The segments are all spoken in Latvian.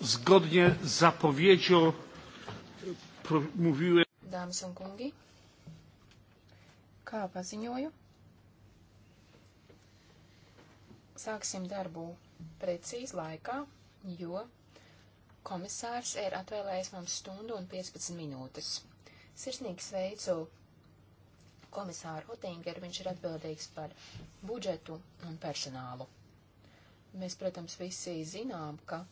zgodnie z zapowiedzią mówiłem. Dāmas un kungi, kā paziņoju, sāksim darbu precīzi laikā, jo komisārs ir atvēlējis mums stundu un 15 minūtes. Sirsnīgi sveicu komisāru Otingeru, viņš ir atbildīgs par budžetu un personālu. Mēs, protams, visi zinām, ka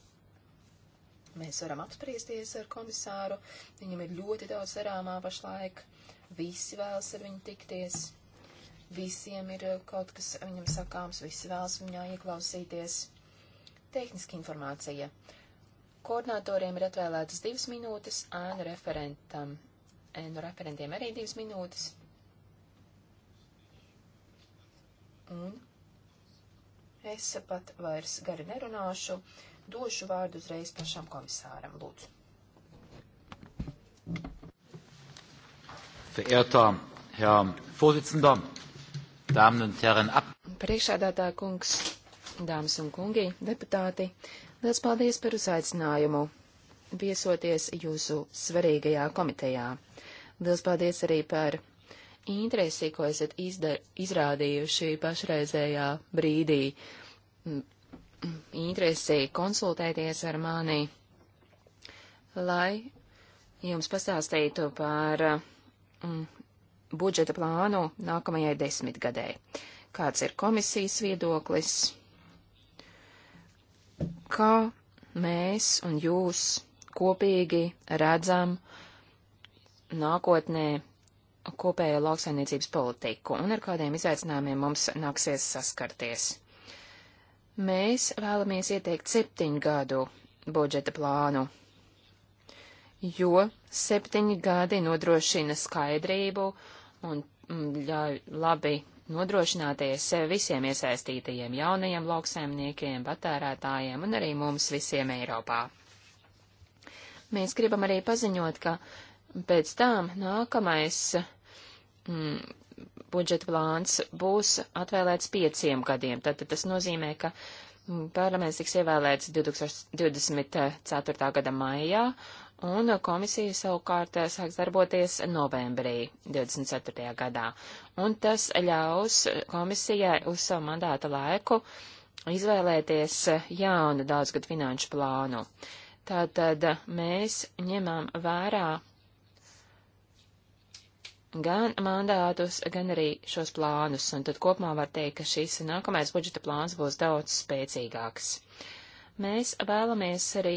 Mēs varam apspriesties ar komisāru, viņam ir ļoti daudz darāmā pašlaik, visi vēlas ar viņu tikties, visiem ir eh, kaut kas viņam sakāms, visi vēlas viņā ieklausīties. Tehniski informācija. Koordinatoriem ir atvēlētas divas minūtes, ēnu referentam. Ēnu referentiem arī divas minūtes. Un es pat vairs gari nerunāšu. Uh, došu vārdu uzreiz pašam komisāram. Lūdzu. Verehrter Herr Vorsitzender, Damen un Herren, ab. Priekšādātā kungs, dāmas un kungi, deputāti, liels paldies par uzaicinājumu viesoties jūsu svarīgajā komitejā. Liels paldies arī par interesi, ko esat izdar, izrādījuši pašreizējā brīdī interesi konsultēties ar mani, lai jums pastāstītu par mm, budžeta plānu nākamajai desmitgadē. Kāds ir komisijas viedoklis? Kā mēs un jūs kopīgi redzam nākotnē kopējo lauksainiecības politiku un ar kādiem izaicinājumiem mums nāksies saskarties? Mēs vēlamies ieteikt septiņu gadu budžeta plānu, jo septiņi gadi nodrošina skaidrību un mm, ļauj labi nodrošināties visiem iesaistītajiem jaunajiem lauksēmniekiem, patērētājiem un arī mums visiem Eiropā. Mēs gribam arī paziņot, ka pēc tam nākamais mm, budžeta plāns būs atvēlēts pieciem gadiem. Tātad tas nozīmē, ka mm, parlaments tiks ievēlēts 2024. Eh, gada maijā, un komisija savukārt eh, sāks darboties novembrī 2024. gadā. Un tas ļaus komisijai uz savu mandāta laiku izvēlēties eh, jaunu daudzgadu finanšu plānu. Tātad mēs ņemam vērā gan mandātus, gan arī šos plānus, un tad kopumā var teikt, ka šis nākamais budžeta plāns būs daudz spēcīgāks. Mēs vēlamies arī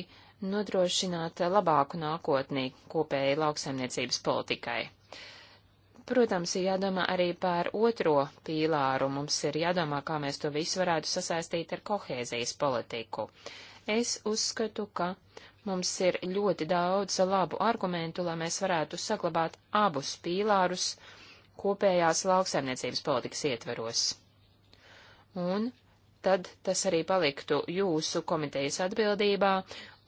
nodrošināt labāku nākotnī kopēji lauksaimniecības politikai. Protams, ir jādomā arī par otro pīlāru, mums ir jādomā, kā mēs to visu varētu sasaistīt ar kohēzijas politiku. Es uzskatu, ka Mums ir ļoti daudz labu argumentu, lai mēs varētu saglabāt abus pīlārus kopējās lauksaimniecības politikas ietveros. Un tad tas arī paliktu jūsu komitejas atbildībā,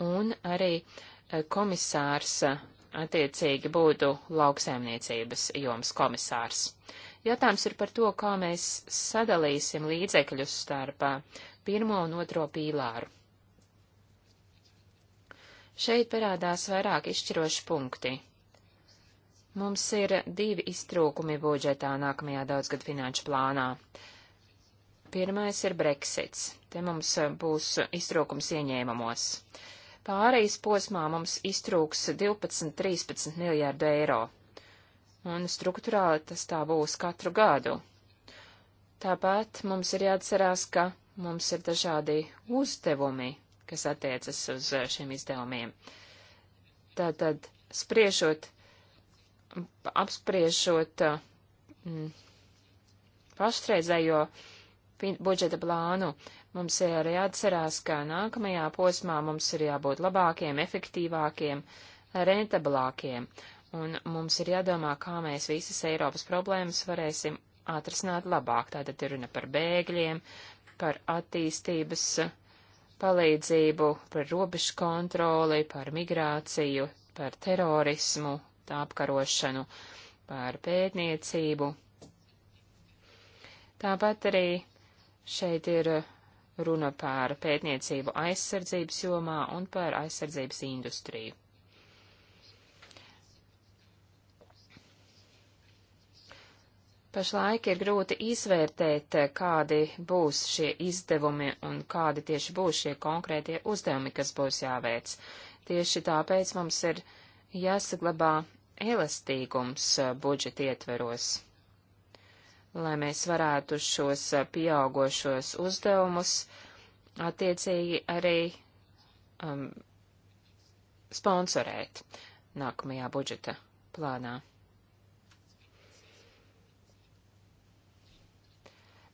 un arī eh, komisārs eh, attiecīgi būtu lauksaimniecības joms komisārs. Jautājums ir par to, kā mēs sadalīsim līdzekļus starp eh, pirmo un otro pīlāru. Šeit parādās vairāk izšķiroši punkti. Mums ir divi iztrūkumi budžetā nākamajā daudzgad finanšu plānā. Pirmais ir Brexits. Te mums eh, būs iztrūkums ieņēmumos. Pārejas posmā mums iztrūks 12-13 miljārdu eiro. Un struktūrāli tas tā būs katru gadu. Tāpat mums ir jāatcerās, ka mums ir dažādi uzdevumi kas attiecas uz eh, šiem izdevumiem. Tātad, spriežot, apspriežot eh, mm, pašreizējo budžeta plānu, mums ir arī jāatcerās, ka nākamajā posmā mums ir jābūt labākiem, efektīvākiem, rentablākiem, un mums ir jādomā, kā mēs visas Eiropas problēmas varēsim atrisināt labāk. Tātad ir runa par bēgļiem, par attīstības palīdzību, par robežu kontroli, par migrāciju, par terorismu, tā apkarošanu, par pētniecību. Tāpat arī šeit ir runa par pētniecību aizsardzības jomā un par aizsardzības industriju. Pašlaik ir grūti izvērtēt, eh, kādi būs šie izdevumi un kādi tieši būs šie konkrētie uzdevumi, kas būs jāveic. Tieši tāpēc mums ir jāsaglabā elastīgums eh, budžeta ietveros, lai mēs varētu šos eh, pieaugošos uzdevumus attiecīgi arī um, sponsorēt nākamajā budžeta plānā.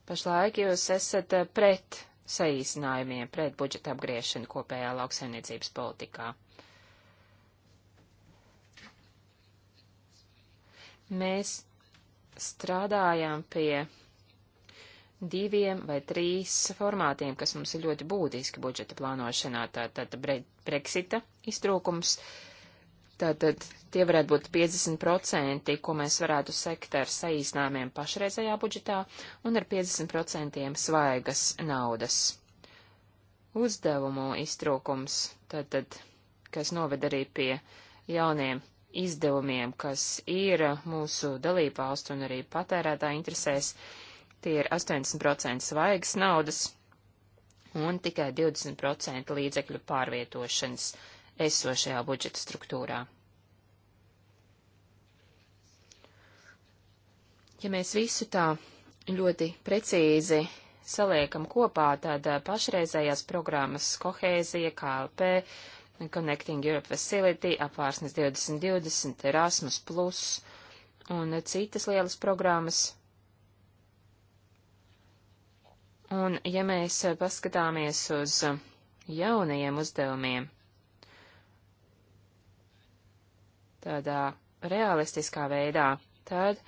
Pašlaik jūs esat eh, pret saīsinājumiem, pret budžeta apgriešanu kopējā lauksaimniecības politikā. Mēs strādājam pie diviem vai trīs formātiem, kas mums ir ļoti būtiski budžeta plānošanā. Tātad Brexita iztrūkums, uh, Tātad tie varētu būt 50%, ko mēs varētu sekt ar saīsinājumiem pašreizējā budžetā un ar 50% svaigas naudas. Uzdevumu iztrūkums, tātad, kas noved arī pie jauniem izdevumiem, kas ir mūsu dalībvalstu un arī patērētāju interesēs, tie ir 80% svaigas naudas un tikai 20% līdzekļu pārvietošanas esošajā budžeta struktūrā. Ja mēs visu tā ļoti precīzi saliekam kopā, tad eh, pašreizējās programmas kohēzija, KLP, Connecting Europe Facility, apvārsnes 2020, Erasmus Plus un citas lielas programmas. Un ja mēs eh, paskatāmies uz eh, jaunajiem uzdevumiem, tādā realistiskā veidā, tad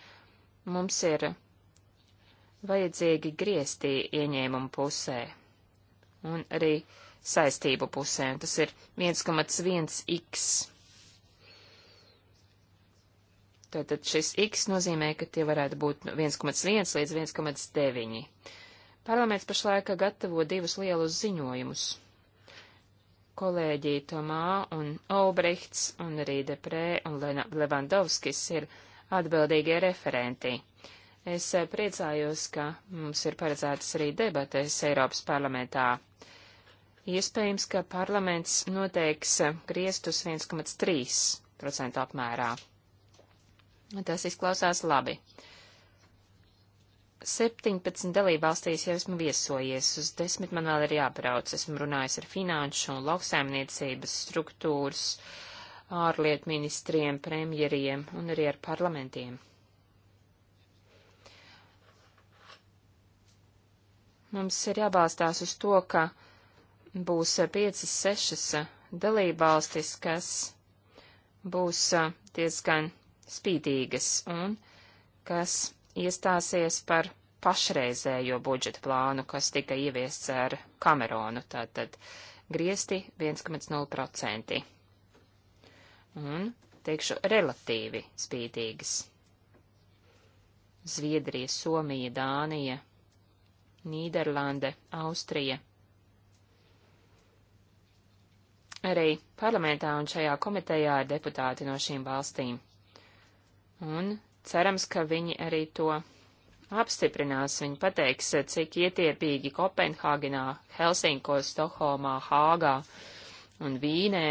mums ir vajadzīgi grieztī ieņēmumu pusē un arī saistību pusē, un tas ir 1,1x. Tātad šis x nozīmē, ka tie varētu būt 1,1 līdz 1,9. Parlaments pašlaik gatavo divus lielus ziņojumus kolēģi Tomā un Olbrihts un arī Deprē un Levandovskis ir atbildīgie referenti. Es eh, priecājos, ka mums ir paredzētas arī debates Eiropas parlamentā. Iespējams, ka parlaments noteiks eh, griestus 1,3% apmērā. Tas izklausās labi. Uh, 17 dalībvalstīs jau esmu viesojies, uz 10 man vēl ir jābrauc. Esmu runājis ar finanšu un lauksaimniecības struktūras, ārlietu ministriem, premjeriem un arī ar parlamentiem. Mums ir jābalstās uz to, ka būs 5-6 dalībvalstis, kas būs diezgan spītīgas un kas iestāsies par pašreizējo budžeta plānu, kas tika ieviests ar Kameronu, tātad griesti 1,0%. Un, teikšu, relatīvi spītīgas. Zviedrija, Somija, Dānija, Nīderlande, Austrija. Arī parlamentā un šajā komitejā ir deputāti no šīm valstīm. Un Cerams, ka viņi arī to apstiprinās. Viņi pateiks, cik ietiepīgi Kopenhāgenā, Helsinkos, Stokholmā, Hāgā un Vīnē,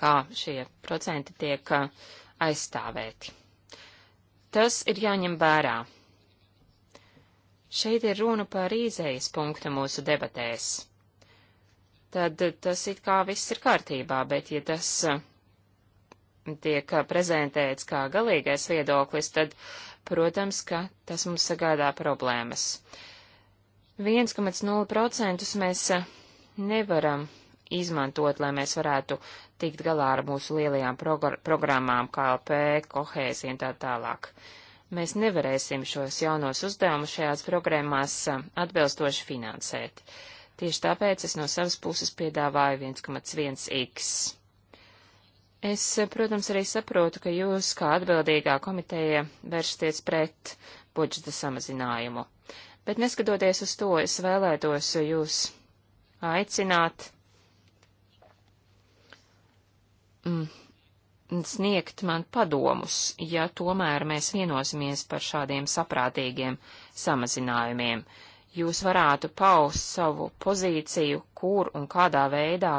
kā šie procenti tiek uh, aizstāvēti. Tas ir jāņem vērā. Šeit ir runa par īzējas punktu mūsu debatēs. Tad tas it kā viss ir kārtībā, bet ja tas uh, tiek prezentēts kā galīgais viedoklis, tad, protams, ka tas mums sagādā problēmas. 1,0% mēs nevaram izmantot, lai mēs varētu tikt galā ar mūsu lielajām progr programmām, KLP, kohēzija un tā tālāk. Mēs nevarēsim šos jaunos uzdevumus šajās programmās atbilstoši finansēt. Tieši tāpēc es no savas puses piedāvāju 1,1x. Es, protams, arī saprotu, ka jūs, kā atbildīgā komiteja, vērsties pret budžeta samazinājumu. Bet neskatoties uz to, es vēlētos jūs aicināt mm, sniegt man padomus, ja tomēr mēs vienosimies par šādiem saprātīgiem samazinājumiem. Jūs varētu paust savu pozīciju, kur un kādā veidā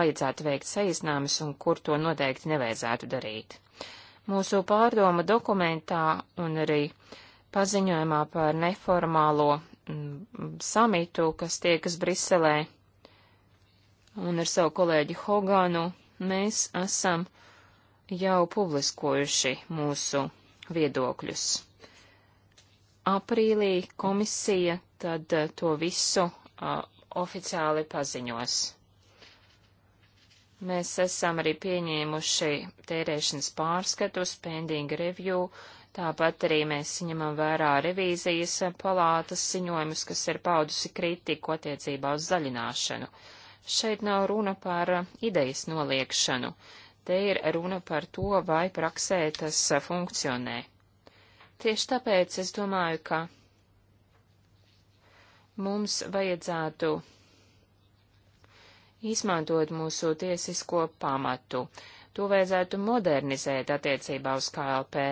vajadzētu veikt saīsinājumus un kur to noteikti nevajadzētu darīt. Mūsu pārdoma dokumentā un arī paziņojumā par neformālo mm, samitu, kas tiekas Briselē, un ar savu kolēģi Hoganu mēs esam jau publiskojuši mūsu viedokļus. Aprīlī komisija tad eh, to visu uh, oficiāli paziņos. Mēs esam arī pieņēmuši tērēšanas pārskatus, pending review, tāpat arī mēs ņemam vērā revīzijas palātas ziņojumus, kas ir paudusi kritiku attiecībā uz zaļināšanu. Šeit nav runa par idejas noliekšanu, te ir runa par to, vai praksē tas funkcionē. Tieši tāpēc es domāju, ka mums vajadzētu izmantot mūsu tiesisko pamatu. To vajadzētu modernizēt attiecībā uz KLP,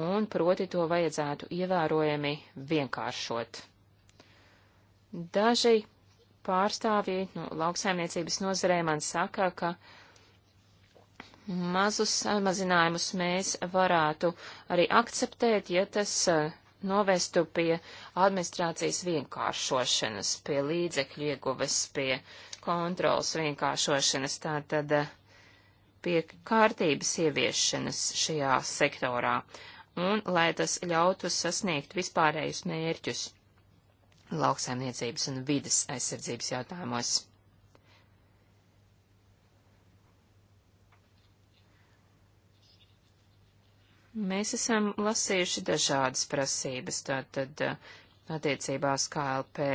un proti to vajadzētu ievērojami vienkāršot. Daži pārstāvji no nu, lauksaimniecības nozarē man saka, ka mazus samazinājumus mēs varētu arī akceptēt, ja tas eh, novestu pie administrācijas vienkāršošanas, pie līdzekļu ieguves, pie kontrols vienkāršošanas, tātad eh, pie kārtības ieviešanas šajā sektorā, un lai tas ļautu sasniegt vispārējus mērķus lauksaimniecības un vidas aizsardzības jautājumos. Mēs esam lasījuši dažādas prasības, tātad eh, attiecībās KLP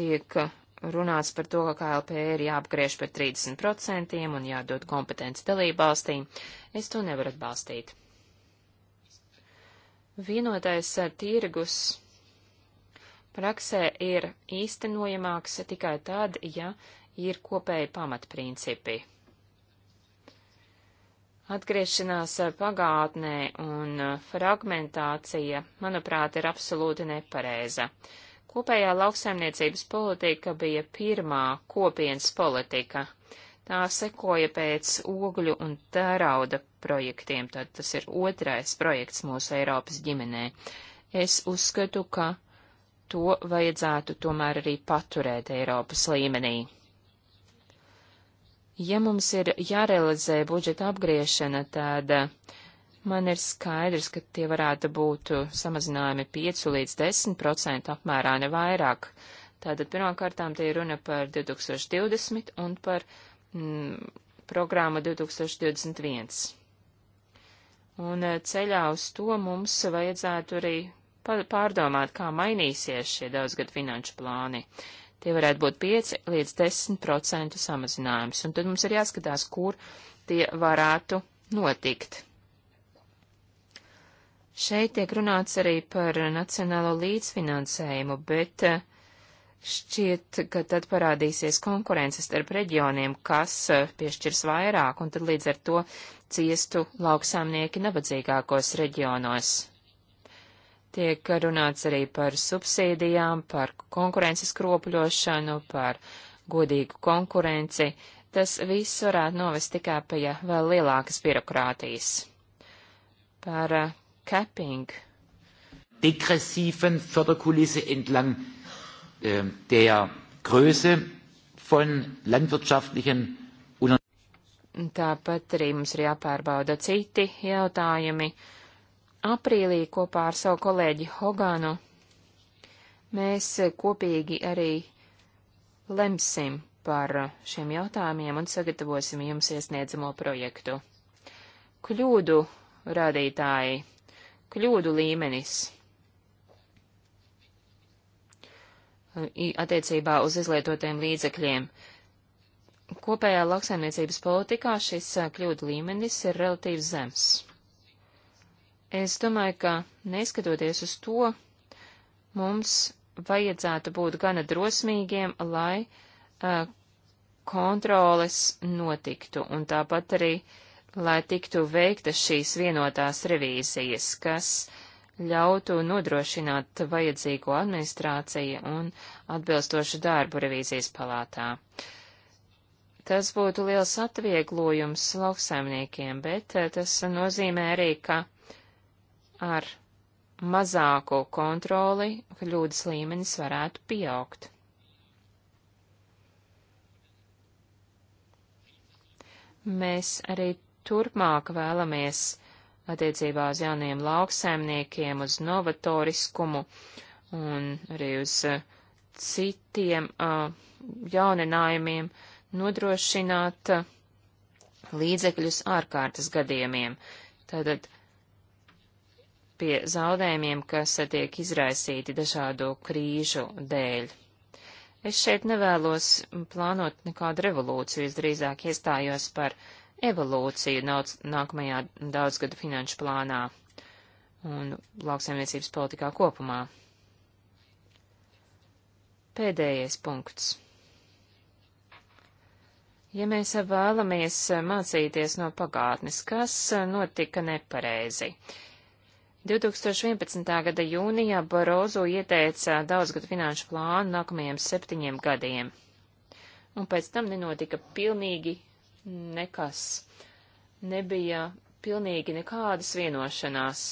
tiek runāts par to, ka KLP ir jāapgriež par 30% un jādod kompetence dalībvalstīm, es to nevaru atbalstīt. Vienotais tirgus praksē ir īstenojamāks tikai tad, ja ir kopēji pamatprincipi. Atgriešanās pagātnē un fragmentācija, manuprāt, ir absolūti nepareiza. Uh, Kopējā lauksaimniecības politika bija pirmā kopienas politika. Tā sekoja pēc ogļu un tērauda projektiem, tad tas ir otrais projekts mūsu Eiropas ģimenē. Es uzskatu, ka to vajadzētu tomēr arī paturēt Eiropas līmenī. Ja mums ir jārealizē budžeta apgriešana, tad uh, man ir skaidrs, ka tie varētu būt uh, samazinājumi 5 līdz 10% apmērā, ne vairāk. Tātad pirmkārtām tie ir runa par 2020 un par mm, programmu 2021. Un uh, ceļā uz to mums vajadzētu arī pārdomāt, kā mainīsies šie daudzgad finanšu plāni. Tie varētu būt 5 līdz 10% samazinājums, un tad mums ir jāskatās, kur tie varētu notikt. Šeit tiek runāts arī par nacionālo līdzfinansējumu, bet eh, šķiet, ka tad parādīsies konkurences starp reģioniem, kas eh, piešķirs vairāk, un tad līdz ar to ciestu lauksāmnieki nabadzīgākos reģionos. Tiek runāts arī par subsīdijām, par konkurences kropļošanu, par godīgu konkurenci. Tas viss varētu novest tikai pie vēl lielākas birokrātijas. Par eh, capping. Degressiven Förderkulisse entlang äh, der Größe von landwirtschaftlichen Tāpat arī mums ir jāpārbauda citi jautājumi. Aprīlī kopā ar savu kolēģi Hoganu mēs kopīgi arī lemsim par šiem jautājumiem un sagatavosim jums iesniedzamo projektu. Kļūdu rādītāji kļūdu līmenis attiecībā uz izlietotiem līdzekļiem. Kopējā lauksaimniecības politikā šis kļūdu līmenis ir relatīvi zems. Es domāju, ka neskatoties uz to, mums vajadzētu būt gana drosmīgiem, lai uh, kontroles notiktu, un tāpat arī uh, lai tiktu veikta šīs vienotās revīzijas, kas ļautu nodrošināt vajadzīgo administrāciju un atbilstošu darbu revīzijas palātā. Tas būtu liels atvieglojums lauksaimniekiem, bet eh, tas nozīmē arī, ka ar mazāko kontroli kļūdas līmenis varētu pieaugt. Mēs arī turpmāk vēlamies attiecībā uz jauniem lauksaimniekiem, uz novatoriskumu un arī uz uh, citiem uh, jauninājumiem nodrošināt uh, līdzekļus ārkārtas gadījumiem. Tātad pie zaudējumiem, kas uh, tiek izraisīti dažādu krīžu dēļ. Es šeit nevēlos plānot nekādu revolūciju, es drīzāk iestājos par uh, evolūciju nāc, nākamajā daudzgada finanšu plānā un lauksaimniecības politikā kopumā. Pēdējais punkts. Ja mēs vēlamies mācīties no pagātnes, kas notika nepareizi? 2011. gada jūnijā Barozo ieteica daudzgadu finanšu plānu nākamajiem septiņiem gadiem, un pēc tam nenotika pilnīgi nekas. Nebija pilnīgi nekādas vienošanās.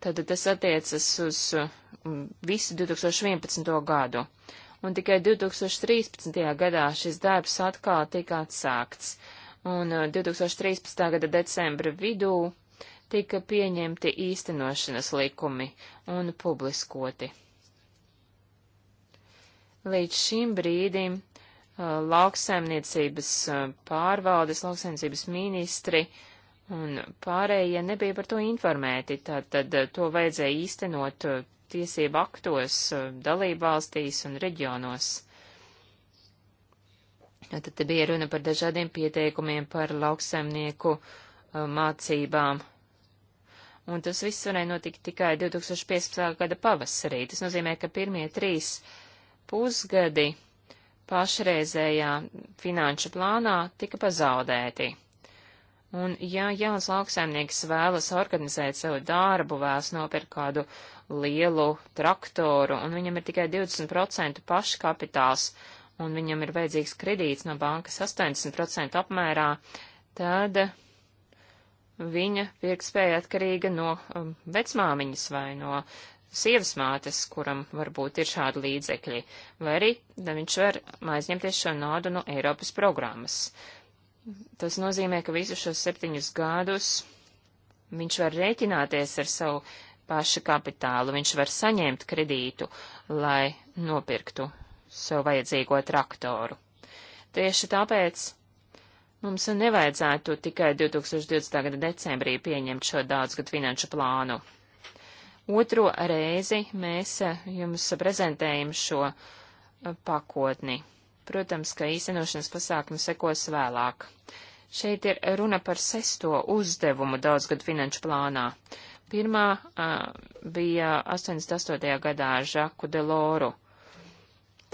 Tad tas attiecas uz um, visu 2011. gadu. Un tikai 2013. gadā šis darbs atkal tika atsākts. Un 2013. Uh, gada decembra vidū tika pieņemti īstenošanas likumi un publiskoti. Līdz šim brīdim Uh, lauksaimniecības uh, pārvaldes, lauksaimniecības ministri un pārējie nebija par to informēti, tātad uh, to vajadzēja īstenot tiesību aktos dalībvalstīs un reģionos. Tad te bija runa par dažādiem pieteikumiem par lauksaimnieku mācībām. Un tas viss varēja notikt tikai 2015. gada pavasarī. Tas nozīmē, ka pirmie trīs pusgadi pašreizējā finanšu plānā tika pazaudēti. Un ja jauns lauksaimnieks vēlas organizēt savu darbu, vēlas nopirkt kādu lielu traktoru, un viņam ir tikai 20% paškapitāls, un viņam ir vajadzīgs kredīts no bankas 80% apmērā, tad viņa pirktspēja atkarīga no um, vecmāmiņas vai no sievas mātes, kuram varbūt ir šādi līdzekļi, vai arī viņš var aizņemties šo naudu no Eiropas programmas. Tas nozīmē, ka visu šos septiņus gadus viņš var rēķināties ar savu paša kapitālu, viņš var saņemt kredītu, lai nopirktu sev vajadzīgo traktoru. Tieši tāpēc mums nevajadzētu tikai 2020. gada decembrī pieņemt šo daudzgad finanšu plānu. Otro reizi mēs eh, jums prezentējam šo eh, pakotni. Protams, ka īstenošanas pasākumi sekos vēlāk. Šeit ir runa par sesto uzdevumu daudzgad finanšu plānā. Pirmā a, eh, bija 88. gadā Žaku Deloru.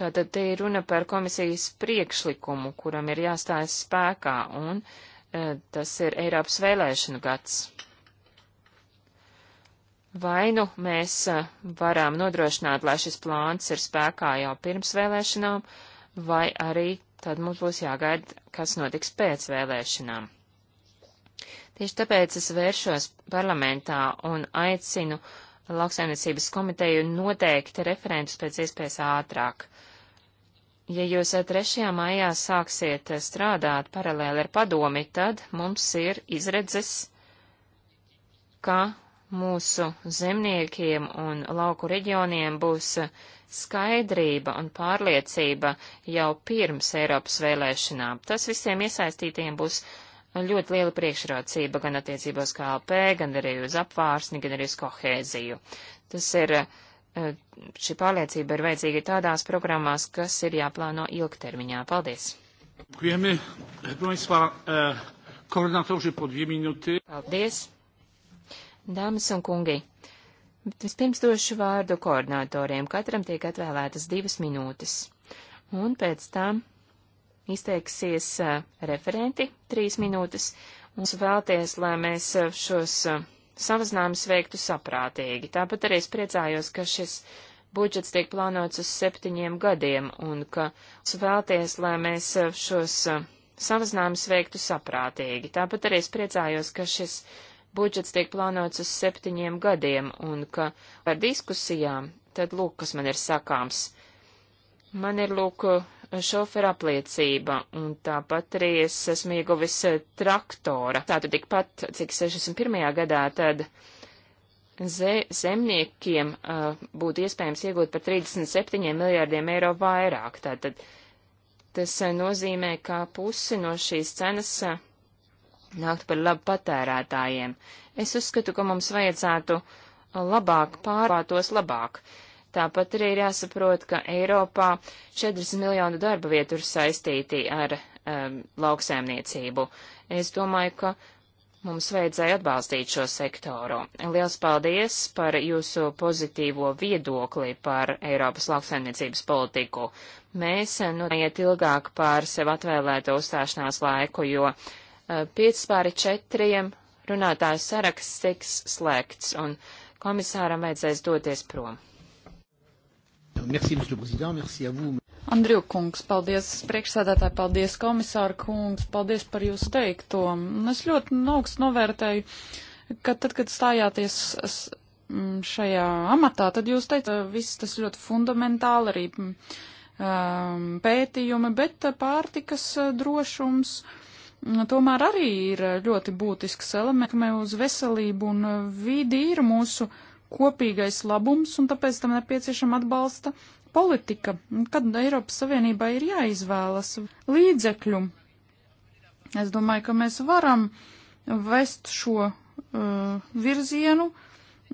Tātad te ir runa par komisijas priekšlikumu, kuram ir jāstājas spēkā, un a, tas ir Eiropas vēlēšanu gads. Vai nu mēs eh, varam nodrošināt, lai šis plāns ir spēkā jau pirms vēlēšanām, vai arī tad mums būs jāgaida, kas notiks pēc vēlēšanām. Tieši tāpēc es vēršos parlamentā un aicinu lauksaimniecības komiteju noteikti referentus pēc iespējas ātrāk. Ja jūs 3. Eh, maijā sāksiet eh, strādāt paralēli ar padomi, tad mums ir izredzes, ka mūsu zemniekiem un lauku reģioniem būs skaidrība un pārliecība jau pirms Eiropas vēlēšanām. Tas visiem iesaistītiem būs ļoti liela priekšrocība gan attiecībos KLP, gan arī uz apvārsni, gan arī uz kohēziju. Tas ir, eh, šī pārliecība ir vajadzīga tādās programmās, kas ir jāplāno ilgtermiņā. Paldies! Dziękujemy. Proszę Państwa, e, koordynatorzy po dwie minuty. Paldies. Dāmas un kungi, vispirms došu vārdu koordinatoriem, katram tiek atvēlētas divas minūtes, un pēc tam izteiksies uh, referenti trīs minūtes, un vēlties, lai mēs uh, šos uh, savazinājumus veiktu saprātīgi. Tāpat arī es priecājos, ka šis budžets tiek plānots uz septiņiem gadiem, un ka vēlties, lai mēs šos savazinājumus veiktu saprātīgi. Tāpat arī es priecājos, ka šis budžets tiek plānots uz septiņiem gadiem un ka par diskusijām, tad lūk, kas man ir sakāms. Man ir lūk šofera apliecība, un tāpat arī es esmu ieguvis traktora. Tātad tikpat, cik 61. gadā, tad zemniekiem uh, būtu iespējams iegūt par 37 miljārdiem eiro vairāk. Tātad tas nozīmē, ka pusi no šīs cenas uh, nāktu par labu patērētājiem. Es uzskatu, ka mums vajadzētu labāk pārvātos labāk. Tāpat arī ir jāsaprot, ka Eiropā 40 miljonu darba vietu ir saistīti ar um, lauksēmniecību. Es domāju, ka mums vajadzēja atbalstīt šo sektoru. Liels paldies par jūsu pozitīvo viedokli par Eiropas lauksēmniecības politiku. Mēs uh, noiet ilgāk par sev atvēlēto uzstāšanās laiku, jo 5 pāri 4 runātāju saraksts tiks slēgts, un komisāram vajadzēs doties prom. Merci, Merci Andriju kungs, paldies priekšsēdētāji, paldies komisāra kungs, paldies par jūsu teikto. Es ļoti augstu novērtēju, ka tad, kad stājāties šajā amatā, tad jūs teicat, viss tas ļoti fundamentāli arī um, pētījumi, bet uh, pārtikas uh, drošums. Uh, Mm, tomēr arī ir eh, ļoti būtisks elements, ka mēs uz veselību un eh, vidi ir mūsu kopīgais labums, un tāpēc tam nepieciešama atbalsta politika, kad Eiropas Savienībai ir jāizvēlas līdzekļu. Es domāju, ka mēs varam vest šo uh, virzienu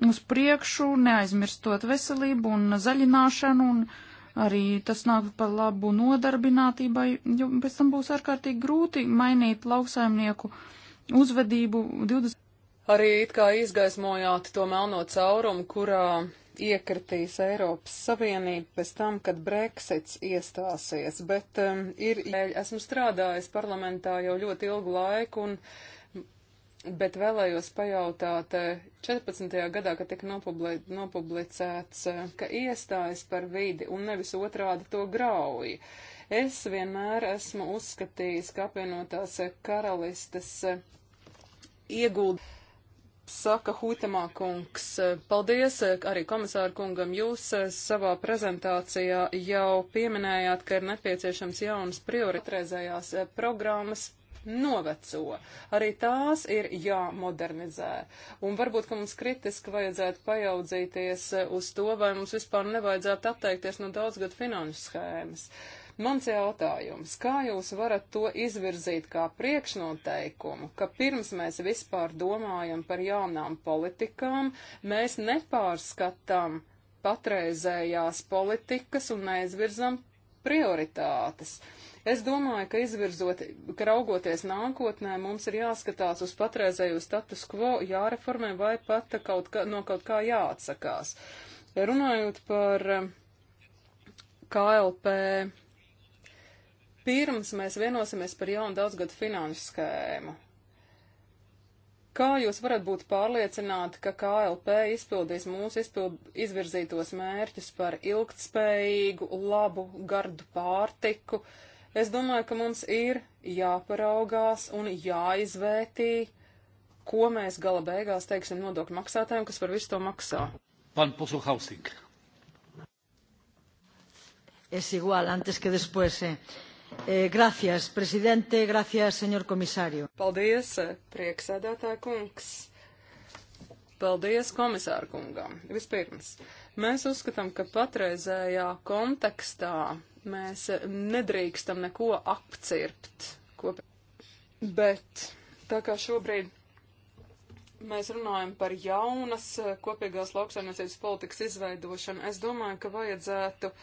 uz priekšu, neaizmirstot veselību un zaļināšanu un uh, arī tas nāk par labu nodarbinātībai, jo pēc tam būs ārkārtīgi grūti mainīt lauksaimnieku uzvedību 20. Arī it kā izgaismojāt to melno caurumu, kurā iekritīs Eiropas Savienība pēc tam, kad Brexits iestāsies, bet um, ir, esmu strādājis parlamentā jau ļoti ilgu laiku un bet vēlējos pajautāt, 14. Eh, gadā, kad tika nopublicēts, eh, ka iestājas par vidi un nevis otrādi to grauji. Es vienmēr esmu uzskatījis, ka apvienotās eh, karalistes ieguld. Saka Hūtamā kungs, paldies arī komisāru kungam. Jūs savā prezentācijā jau pieminējāt, ka ir nepieciešams jaunas prioritēzējās programmas noveco. Arī tās ir jāmodernizē. Un varbūt, ka mums kritiski vajadzētu pajaudzīties eh, uz to, vai mums vispār nevajadzētu atteikties no daudzgad finanšu schēmas. Mans jautājums, kā jūs varat to izvirzīt kā priekšnoteikumu, ka pirms mēs vispār domājam par jaunām politikām, mēs nepārskatām patreizējās politikas un neizvirzam prioritātes. Uh, Es domāju, ka izvirzot, ka raugoties nākotnē, mums ir jāskatās uz patreizējo status quo, jāreformē vai pat kaut kā, no kaut kā jāatsakās. Runājot par eh, KLP, pirms mēs vienosimies par jaunu daudzgadu finanšu skēmu, Kā jūs varat būt pārliecināti, ka KLP izpildīs mūsu izpild, izvirzītos mērķus par ilgtspējīgu, labu, gardu pārtiku, uh, Es domāju, ka mums ir jāparaugās un jāizvērtī, ko mēs gala beigās teiksim nodokļu maksātājiem, kas par visu to maksā. Pan Posu Hausing. Es igual antes que después. Eh. Eh, gracias, presidente, gracias, señor komisārio. Paldies, prieksēdētāja kungs. Paldies komisāra kungam. Vispirms, mēs uzskatām, ka patreizējā kontekstā Mēs nedrīkstam neko apcirpt. Kop... Bet tā kā šobrīd mēs runājam par jaunas kopīgās lauksaimniecības politikas izveidošanu, es domāju, ka vajadzētu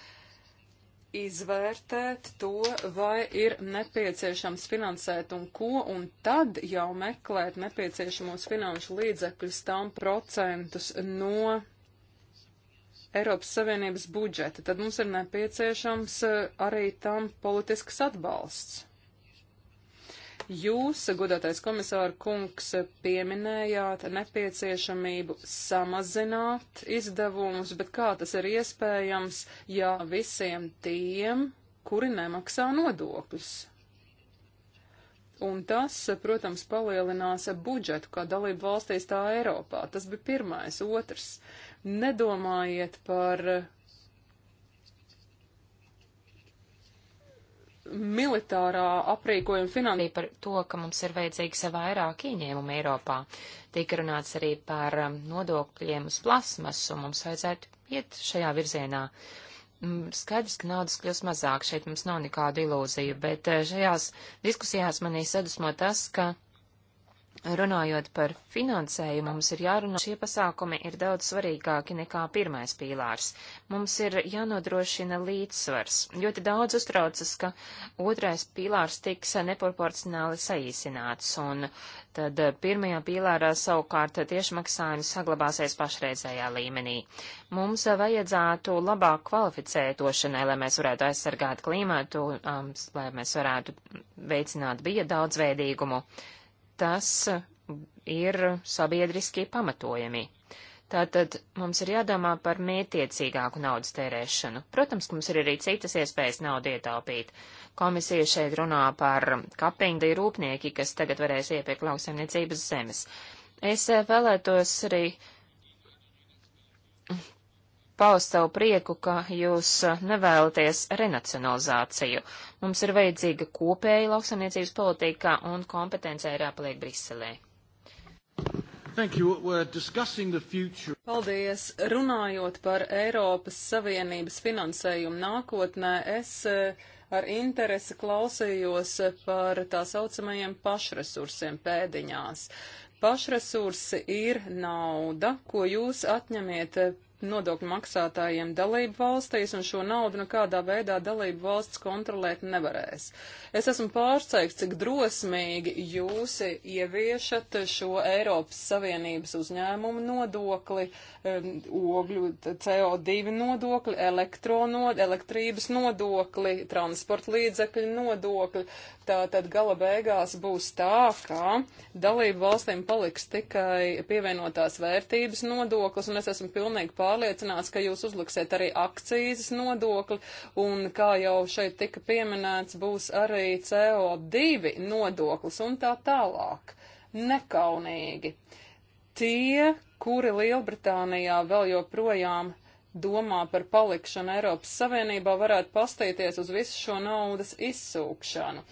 izvērtēt to, vai ir nepieciešams finansēt un ko, un tad jau meklēt nepieciešamos finanšu līdzekļus tam procentus no Eiropas Savienības budžeta, tad mums ir nepieciešams eh, arī tam politisks atbalsts. Jūs, godātais komisāra kungs, pieminējāt nepieciešamību samazināt izdevumus, bet kā tas ir iespējams, ja visiem tiem, kuri nemaksā nodokļus? Un tas, protams, palielinās budžetu, kā dalību valstīs tā Eiropā. Tas bija pirmais. Otrs. Uh, Nedomājiet par militārā aprīkojuma finansējumu. Par to, ka mums ir vajadzīgs vairāk ieņēmumu Eiropā. Tika runāts arī par um, nodokļiem uz plasmasu. Mums vajadzētu iet šajā virzienā. Mm, skaidrs, ka naudas kļūst mazāk, šeit mums nav nekādu ilūziju, bet eh, šajās diskusijās manī sadusmo tas, ka Runājot par finansējumu, mums ir jārunā, šie pasākumi ir daudz svarīgāki nekā pirmais pīlārs. Mums ir jānodrošina līdzsvars. Ļoti daudz uztraucas, ka otrais pīlārs tiks neproporcionāli saīsināts, un tad pirmajā pīlārā savukārt tiešmaksājums saglabāsies pašreizējā līmenī. Mums vajadzētu labāk kvalificētošanai, lai mēs varētu aizsargāt klimatu, um, lai mēs varētu veicināt biedaudzveidīgumu. daudzveidīgumu tas ir sabiedriski pamatojami. Tātad mums ir jādomā par mētiecīgāku naudas tērēšanu. Protams, mums ir arī citas iespējas naudu ietaupīt. Komisija šeit runā par kapinda rūpnieki, kas tagad varēs iepiek lauksaimniecības zemes. Es eh, vēlētos arī paust savu prieku, ka jūs eh, nevēlaties renacionalizāciju. Mums ir vajadzīga kopēja lauksamniecības politikā un kompetencija ir jāpaliek Briselē. Paldies! Runājot par Eiropas Savienības finansējumu nākotnē, es eh, ar interesi klausījos eh, par tā saucamajiem pašresursiem pēdiņās. Pašresursi ir nauda, ko jūs atņemiet nodokļu maksātājiem dalību valstīs, un šo naudu nekādā veidā dalību valsts kontrolēt nevarēs. Es esmu pārsteigts, cik drosmīgi jūs ieviešat šo Eiropas Savienības uzņēmumu nodokli, um, ogļu CO2 nodokli, elektronod, elektrības nodokli, transporta līdzekļu nodokli. Tātad gala beigās būs tā, ka dalību valstīm paliks tikai pievienotās vērtības nodoklis, un es esmu pilnīgi pārsteigts pārliecināts, ka jūs uzliksiet arī akcijas nodokli, un, kā jau šeit tika pieminēts, būs arī CO2 nodoklis un tā tālāk. Nekaunīgi. Tie, kuri Lielbritānijā vēl joprojām domā par palikšanu Eiropas Savienībā, varētu pastīties uz visu šo naudas izsūkšanu.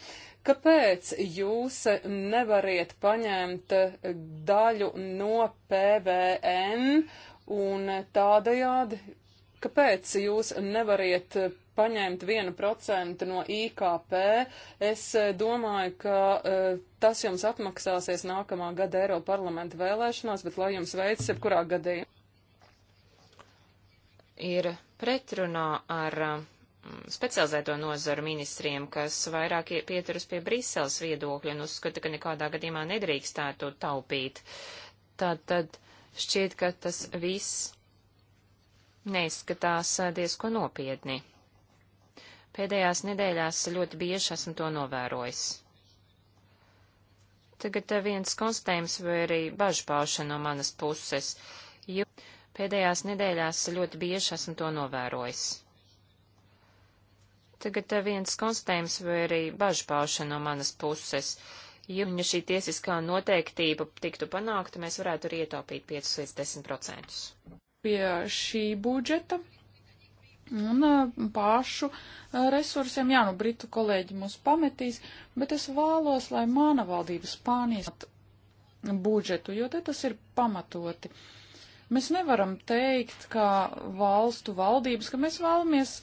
Kāpēc jūs nevariet paņemt daļu no PVN Un tādējādi, kāpēc jūs nevariet paņemt 1% no IKP, es eh, domāju, ka uh, tas jums atmaksāsies nākamā gada Eiropa parlamenta vēlēšanās, bet lai jums veids jebkurā gadījumā. Ir pretrunā ar uh, specializēto nozaru ministriem, kas vairāk pieturas pie Briseles viedokļa un uzskata, ka nekādā gadījumā nedrīkstētu taupīt. Tad, tad Šķiet, ka tas viss neizskatās eh, diezko nopietni. Pēdējās nedēļās ļoti bieži esmu to novērojis. Tagad eh, viens konstatējums vai arī bažu paušana no manas puses, jo pēdējās nedēļās ļoti bieži esmu to novērojis. Tagad eh, viens konstatējums vai arī bažu paušana no manas puses, ja šī tiesiskā noteiktība tiktu panākta, mēs varētu arī ietaupīt 5 līdz 10 procentus. Pie šī budžeta un pašu resursiem, jā, nu, britu kolēģi mūs pametīs, bet es vēlos, lai mana valdība Spānijas budžetu, jo te tas ir pamatoti. Mēs nevaram teikt, ka valstu valdības, ka mēs vēlamies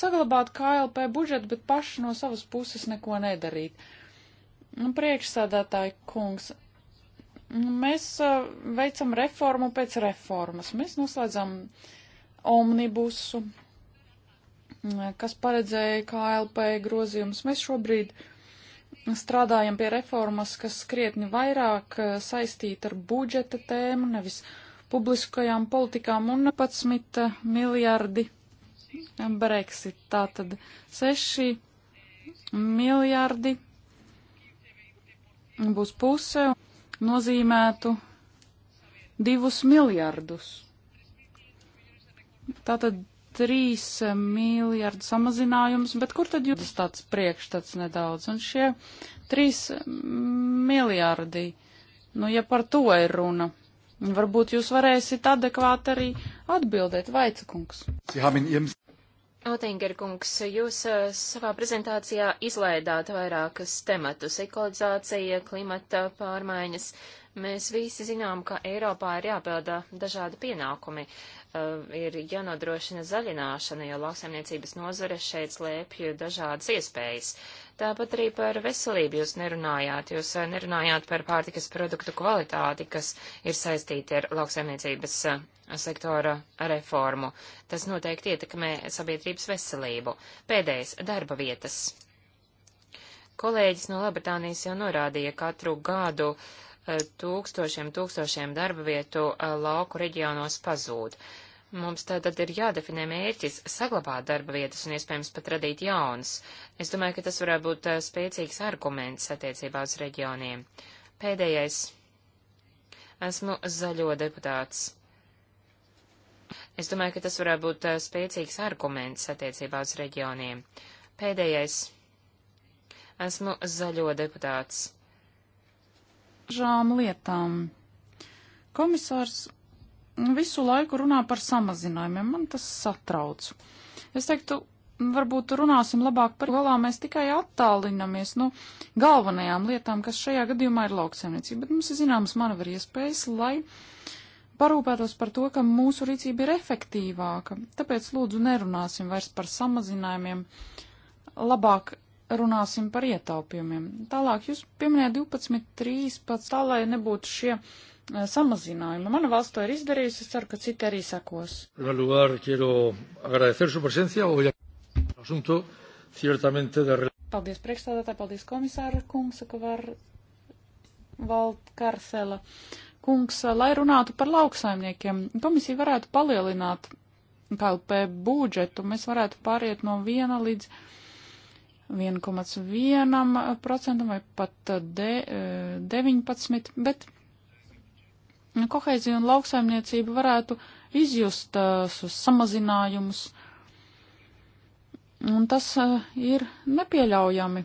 saglabāt KLP budžetu, bet paši no savas puses neko nedarīt. Uh, Nu, Priekšsādātāji kungs, mēs veicam reformu pēc reformas. Mēs noslēdzam omnibusu, kas paredzēja KLP grozījumus. Mēs šobrīd strādājam pie reformas, kas skrietni vairāk saistīta ar budžeta tēmu, nevis publiskajām politikām un 11 miljardi Brexit. Tātad 6 miljardi būs puse, nozīmētu divus miljardus. Tātad trīs miljardu samazinājums, bet kur tad jūtas tāds priekšstats nedaudz? Un šie trīs miljardi, nu ja par to ir runa, varbūt jūs varēsiet adekvāti arī atbildēt, Vaicakungs. Otingerkungs, jūs uh, savā prezentācijā izlaidāt vairākas tematus - ekoloģizācija, klimata pārmaiņas. Mēs visi zinām, ka Eiropā ir jāpilda dažādi pienākumi. Uh, ir jānodrošina zaļināšana, jo lauksaimniecības nozare šeit slēpj dažādas iespējas. Tāpat arī par veselību jūs nerunājāt. Jūs uh, nerunājāt par pārtikas produktu kvalitāti, kas ir saistīti ar lauksaimniecības uh, sektora reformu. Tas noteikti ietekmē sabiedrības veselību. Pēdējais - darba vietas. Kolēģis no Lielbritānijas jau norādīja katru gadu eh, tūkstošiem, tūkstošiem darba vietu eh, lauku reģionos pazūd. Mums tātad ir jādefinē mērķis saglabāt darba vietas un iespējams pat radīt jaunas. Es domāju, ka tas varētu būt eh, spēcīgs arguments attiecībā uz reģioniem. Pēdējais. Esmu zaļo deputāts. Es domāju, ka tas varētu būt eh, spēcīgs arguments attiecībā uz reģioniem. Pēdējais. Esmu zaļo deputāts. Žām lietām. Komisārs visu laiku runā par samazinājumiem. Man tas satrauc. Es teiktu, varbūt runāsim labāk par galā, mēs tikai attālinamies no nu, galvenajām lietām, kas šajā gadījumā ir lauksaimniecība, bet mums ir zināmas manevri iespējas, lai parūpētos par to, ka mūsu rīcība ir efektīvāka. Tāpēc lūdzu nerunāsim vairs par samazinājumiem, labāk runāsim par ietaupījumiem. Tālāk jūs pieminējāt 12, 13, tā lai nebūtu šie uh, samazinājumi. Mana valsts to ir izdarījusi, es ceru, ka citi arī sekos. Paldies priekšstādātāji, paldies komisāra kungs, ka var vald karsela. Uh, kungs, lai runātu par lauksaimniekiem, komisija varētu palielināt KLP budžetu, mēs varētu pāriet no 1 līdz 1,1% vai pat eh, de, 19%, eh, bet kohēzija un lauksaimniecība varētu izjust uh, samazinājumus, un tas uh, ir nepieļaujami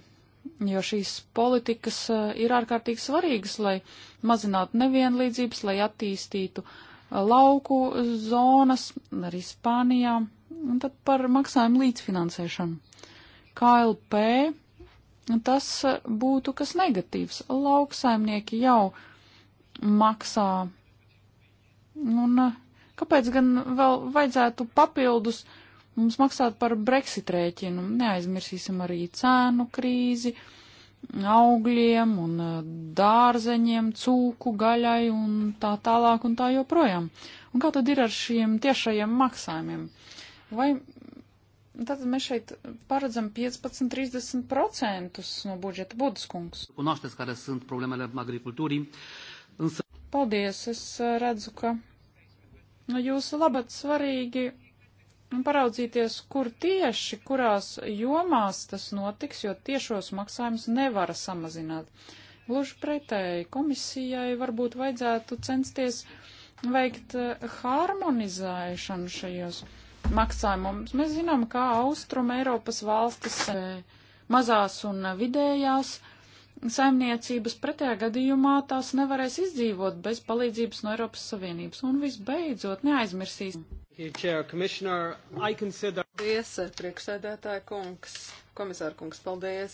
jo šīs politikas eh, ir ārkārtīgi svarīgas, lai mazinātu nevienlīdzības, lai attīstītu eh, lauku zonas, arī Spānijā, un tad par maksājumu līdzfinansēšanu. KLP tas eh, būtu kas negatīvs. Lauksaimnieki jau maksā. Un kāpēc gan vēl vajadzētu papildus uh, mums maksāt par Brexit rēķinu. Neaizmirsīsim arī cēnu krīzi, augļiem un uh, dārzeņiem, cūku gaļai un tā tālāk un tā joprojām. Un kā tad ir ar šiem tiešajiem maksājumiem? Vai tad mēs šeit paredzam 15-30% no budžeta budaskungs? Paldies, es uh, redzu, ka nu, jūs labat svarīgi un paraudzīties, kur tieši, kurās jomās tas notiks, jo tiešos maksājumus nevar samazināt. Gluži pretēji, komisijai varbūt vajadzētu censties veikt eh, harmonizēšanu šajos maksājumos. Mēs zinām, kā Austrum Eiropas valstis eh, mazās un vidējās saimniecības pretējā gadījumā tās nevarēs izdzīvot bez palīdzības no Eiropas Savienības. Un visbeidzot, neaizmirsīsim Consider... Paldies, priekšsēdētāja kungs, komisāra kungs, paldies.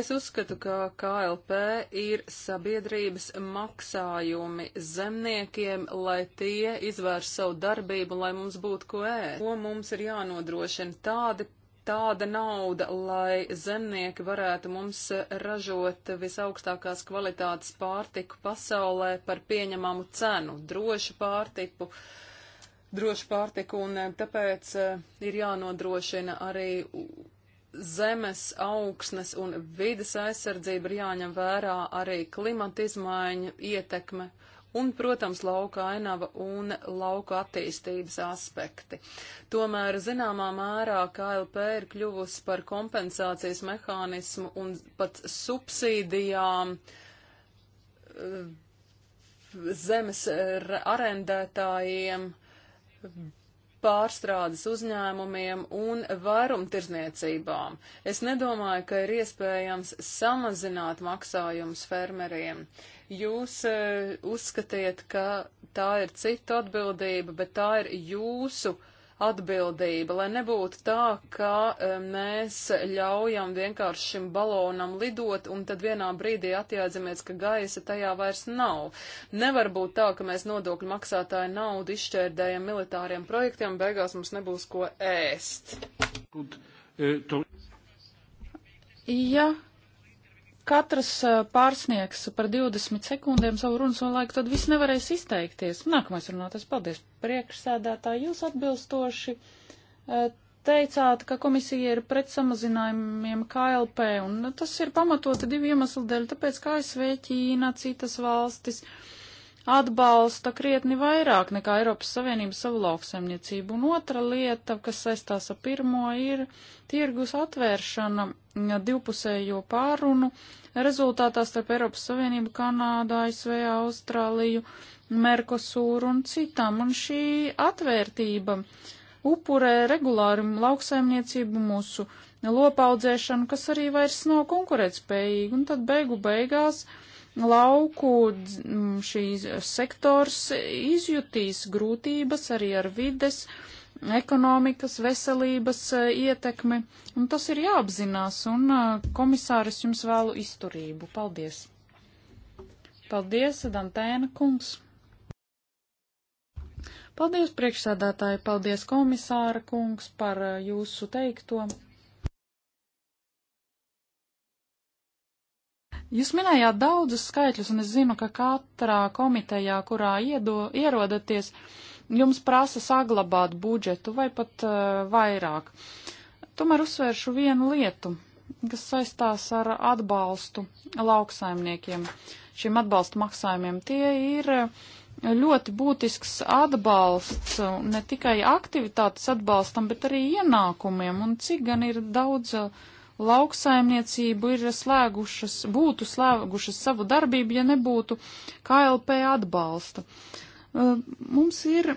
Es uzskatu, ka KLP ir sabiedrības maksājumi zemniekiem, lai tie izvērš savu darbību, lai mums būtu ko ēst. Ko mums ir jānodrošina tādi tāda nauda, lai zemnieki varētu mums ražot visaugstākās kvalitātes pārtiku pasaulē par pieņemamu cenu, drošu pārtiku, drošu pārtiku, un eh, tāpēc eh, ir jānodrošina arī zemes augsnes un vidas aizsardzība, ir jāņem vērā arī klimata izmaiņa ietekme un, protams, lauka ainava un lauka attīstības aspekti. Tomēr, zināmā mērā, KLP ir kļuvusi par kompensācijas mehānismu un pat subsīdijām eh, zemes arendētājiem, pārstrādes uzņēmumiem un vairumtirdzniecībām. Es nedomāju, ka ir iespējams samazināt maksājumus fermeriem. Jūs e, uzskatiet, ka tā ir citu atbildība, bet tā ir jūsu atbildība, lai nebūtu tā, ka e, mēs ļaujam vienkārši šim balonam lidot un tad vienā brīdī atjēdzamies, ka gaisa tajā vairs nav. Nevar būt tā, ka mēs nodokļu maksātāju naudu izšķērdējam militāriem projektiem, beigās mums nebūs ko ēst. E, ja katrs pārsniegs par 20 sekundēm savu runas un laiku, tad viss nevarēs izteikties. Nākamais runātājs, paldies priekšsēdētāji, jūs atbilstoši teicāt, ka komisija ir pret samazinājumiem KLP, un tas ir pamatoti divi iemesli dēļ, tāpēc kā ASV, Ķīna, citas valstis. Uh, atbalsta krietni vairāk nekā Eiropas Savienība savu lauksaimniecību. Un otra lieta, kas saistās ar pirmo, ir tirgus atvēršana divpusējo pārunu rezultātā starp Eiropas Savienību, Kanādu, ASV, Austrāliju, Merkosūru un citām. Un šī atvērtība upurē regulāri lauksaimniecību mūsu lopaudzēšanu, kas arī vairs nav konkurētspējīga. Un tad beigu beigās. Uh, lauku šīs sektors izjutīs grūtības arī ar vides, ekonomikas, veselības e, ietekmi, un tas ir jāapzinās, un e, komisāris jums vēlu izturību. Paldies! Paldies, Dantēna kungs! Paldies, priekšsēdētāji, paldies, komisāra kungs, par e, jūsu teikto. Jūs minējāt daudzus skaitļus, un es zinu, ka katrā komitejā, kurā iedo, ierodaties, jums prasa saglabāt budžetu vai pat uh, vairāk. Tomēr uzsvēršu vienu lietu, kas saistās ar atbalstu lauksaimniekiem. Šiem atbalstu maksājumiem tie ir eh, ļoti būtisks atbalsts ne tikai aktivitātes atbalstam, bet arī ienākumiem, un cik gan ir daudz uh, lauksaimniecību ir slēgušas, būtu slēgušas savu darbību, ja nebūtu KLP atbalsta. Uh, mums ir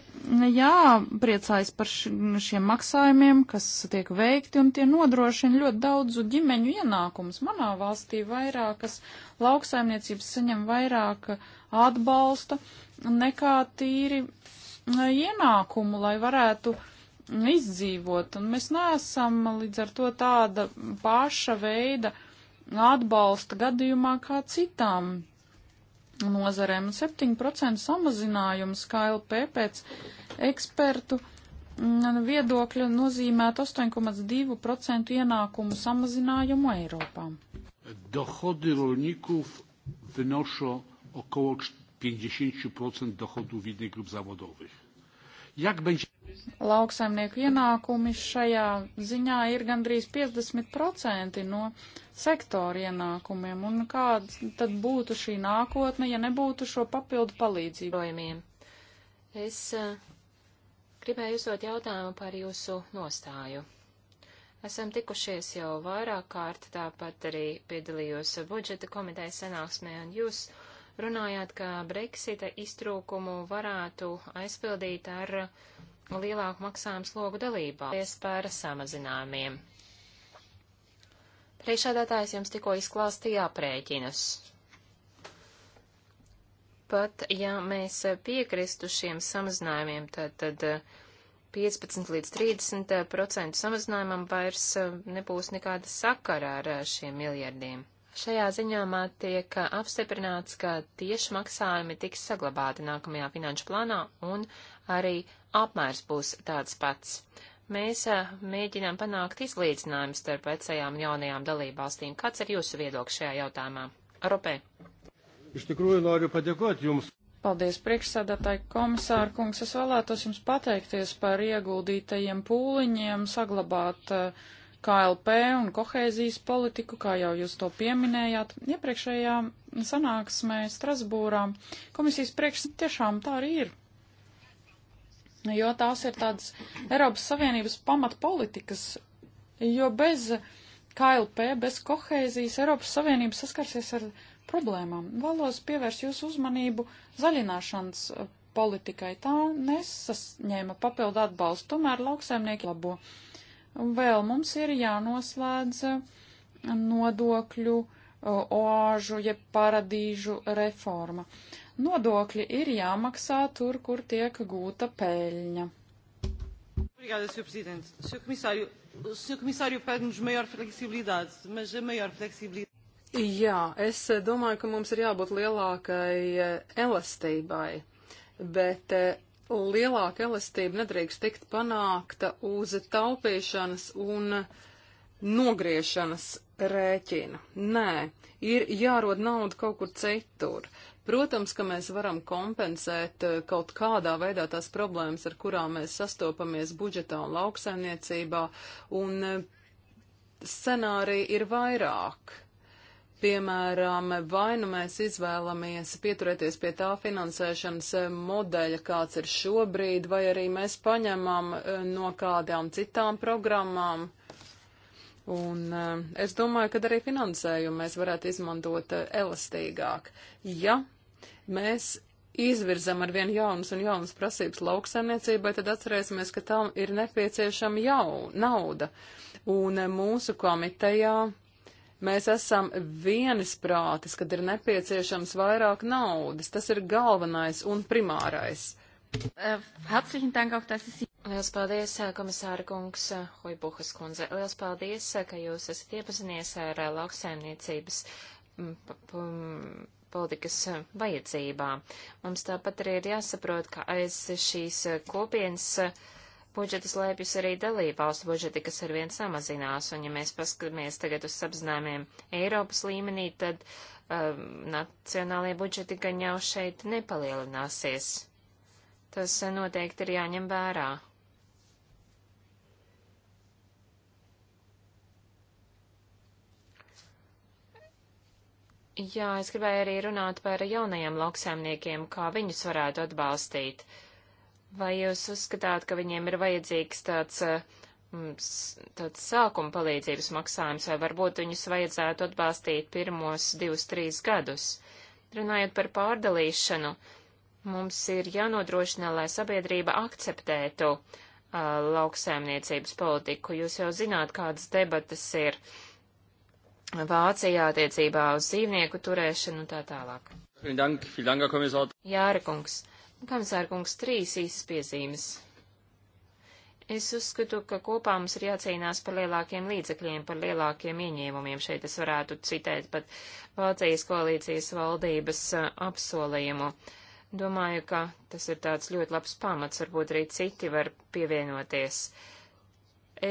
jāpriecājas par šiem maksājumiem, kas tiek veikti, un tie nodrošina ļoti daudzu ģimeņu ienākumus. Manā valstī vairākas lauksaimniecības saņem vairāk atbalsta nekā tīri uh, ienākumu, lai varētu uh, izdzīvot, un mēs neesam līdz ar to tāda paša veida atbalsta gadījumā kā citām nozarēm, un 7% samazinājums KLP pēc ekspertu mm, viedokļa nozīmētu 8,2% ienākumu samazinājumu Eiropā. Dohodi rolników wynoszą około 50% dochodów innych grup zawodowych jak będzie. Lauksaimnieku ienākumi šajā ziņā ir gandrīz 50% no sektora ienākumiem, un kāda tad būtu šī nākotne, ja nebūtu šo papildu palīdzību? Es eh, gribēju uzdot jautājumu par jūsu nostāju. Esam tikušies jau vairāk kārt, tāpat arī piedalījos budžeta komitejas sanāksmē, un jūs uh, runājāt, ka Brexita iztrūkumu varētu aizpildīt ar lielāku maksājumu slogu dalībā, par samazinājumiem. Priekšādātājs jums tikko izklāstīja aprēķinus. Pat ja mēs piekristu šiem samazinājumiem, tad, tad 15 eh, līdz 30 eh, procentu samazinājumam vairs eh, nebūs nekāda sakara ar šiem miljardiem. Šajā ziņāmā tiek apstiprināts, ka tieši maksājumi tiks saglabāti nākamajā finanšu plānā un arī apmērs būs tāds pats. Mēs eh, mēģinām panākt izlīdzinājumu starp vecajām un jaunajām dalībvalstīm. Kāds ir jūsu viedoklis šajā jautājumā? Ropē. Iš tikrųjų noriu padėkoti Jums. Paldies, priekšsēdētāji komisāri kungs. Es vēlētos jums pateikties par ieguldītajiem pūliņiem, saglabāt uh, KLP un kohēzijas politiku, kā jau jūs to pieminējāt. Iepriekšējā sanāksmē Strasbūrā komisijas priekšs tiešām tā arī ir. Jo tās ir tādas Eiropas Savienības pamatpolitikas, jo bez KLP, bez kohēzijas Eiropas Savienība saskarsies ar problēmām. Vēlos pievērst jūsu uzmanību zaļināšanas politikai. Tā nesasņēma papildu atbalstu, tomēr lauksaimnieki labo. Uh, Un vēl mums ir jānoslēdz nodokļu oāžu, jeb paradīžu reforma. Nodokļi ir jāmaksā tur, kur tiek gūta peļņa. Obrigada, Sr. Presidente. Sr. Comissário, o Sr. Comissário pede-nos maior flexibilidade, mas a maior flexibilidade. Jā, es domāju, ka mums ir jābūt lielākai elastībai, bet eh, lielāka elastība nedrīkst tikt panākta uz taupīšanas un nogriešanas rēķina. Nē, ir jārod nauda kaut kur citur. Protams, ka mēs varam kompensēt eh, kaut kādā veidā tās problēmas, ar kurām mēs sastopamies budžetā un lauksaimniecībā, un eh, scenāriji ir vairāk. Piemēram, vai nu mēs izvēlamies pieturēties pie tā finansēšanas modeļa, kāds ir šobrīd, vai arī mēs paņemam eh, no kādām citām programmām. Un eh, es domāju, ka arī finansējumu mēs varētu izmantot eh, elastīgāk. Ja mēs izvirzam ar vien jaunas un jaunas prasības lauksaimniecībai, tad atcerēsimies, ka tam ir nepieciešama jau nauda. Un mūsu komitejā Mēs esam vienisprātis, kad ir nepieciešams vairāk naudas. Tas ir galvenais un primārais. Liels paldies, komisāra kungs, Hoibuhas kundze. Liels paldies, ka jūs esat iepazinies ar lauksaimniecības politikas vajadzībām. Mums tāpat arī ir jāsaprot, ka aiz šīs kopienas budžeti slēpjas arī dalībvalstu budžeti, kas ar vien samazinās, un ja mēs paskatāmies tagad uz apzinājumiem Eiropas līmenī, tad um, nacionālajie budžeti gan jau šeit nepalielināsies. Tas uh, noteikti ir jāņem vērā. Jā, es gribēju arī runāt par jaunajiem lauksēmniekiem, kā viņus varētu atbalstīt. Uh, Vai jūs uzskatāt, ka viņiem ir vajadzīgs tāds, eh, mm, tāds sākuma palīdzības maksājums, vai varbūt viņus vajadzētu atbalstīt pirmos divus, trīs gadus? Runājot par pārdalīšanu, mums ir jānodrošina, lai sabiedrība akceptētu uh, lauksēmniecības politiku. Jūs jau zināt, kādas debatas ir Vācijā attiecībā uz dzīvnieku turēšanu un tā tālāk. Jāra kungs. Komisārkungs, trīs īsas piezīmes. Es uzskatu, ka kopā mums ir jācīnās par lielākiem līdzekļiem, par lielākiem ieņēmumiem. Šeit es varētu citēt pat Vācijas koalīcijas valdības uh, apsolījumu. Domāju, ka tas ir tāds ļoti labs pamats, varbūt arī citi var pievienoties.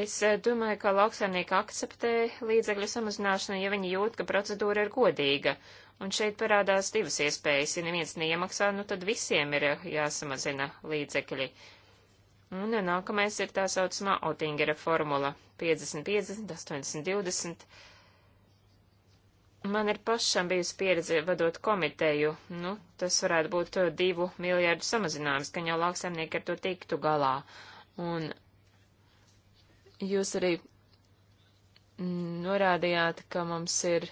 Es uh, domāju, ka lauksaimnieki akceptē līdzekļu samazināšanu, ja viņi jūt, ka procedūra ir godīga Un šeit parādās divas iespējas. Ja neviens neiemaksā, nu tad visiem ir jāsamazina līdzekļi. Un nākamais ir tā saucamā Otingera formula 50-50, 80-20. Man ir pašam bijusi pieredze vadot komiteju, nu, tas varētu būt divu miljārdu samazinājums, ka jau lauksaimnieki ar to tiktu galā. Un jūs arī norādījāt, ka mums ir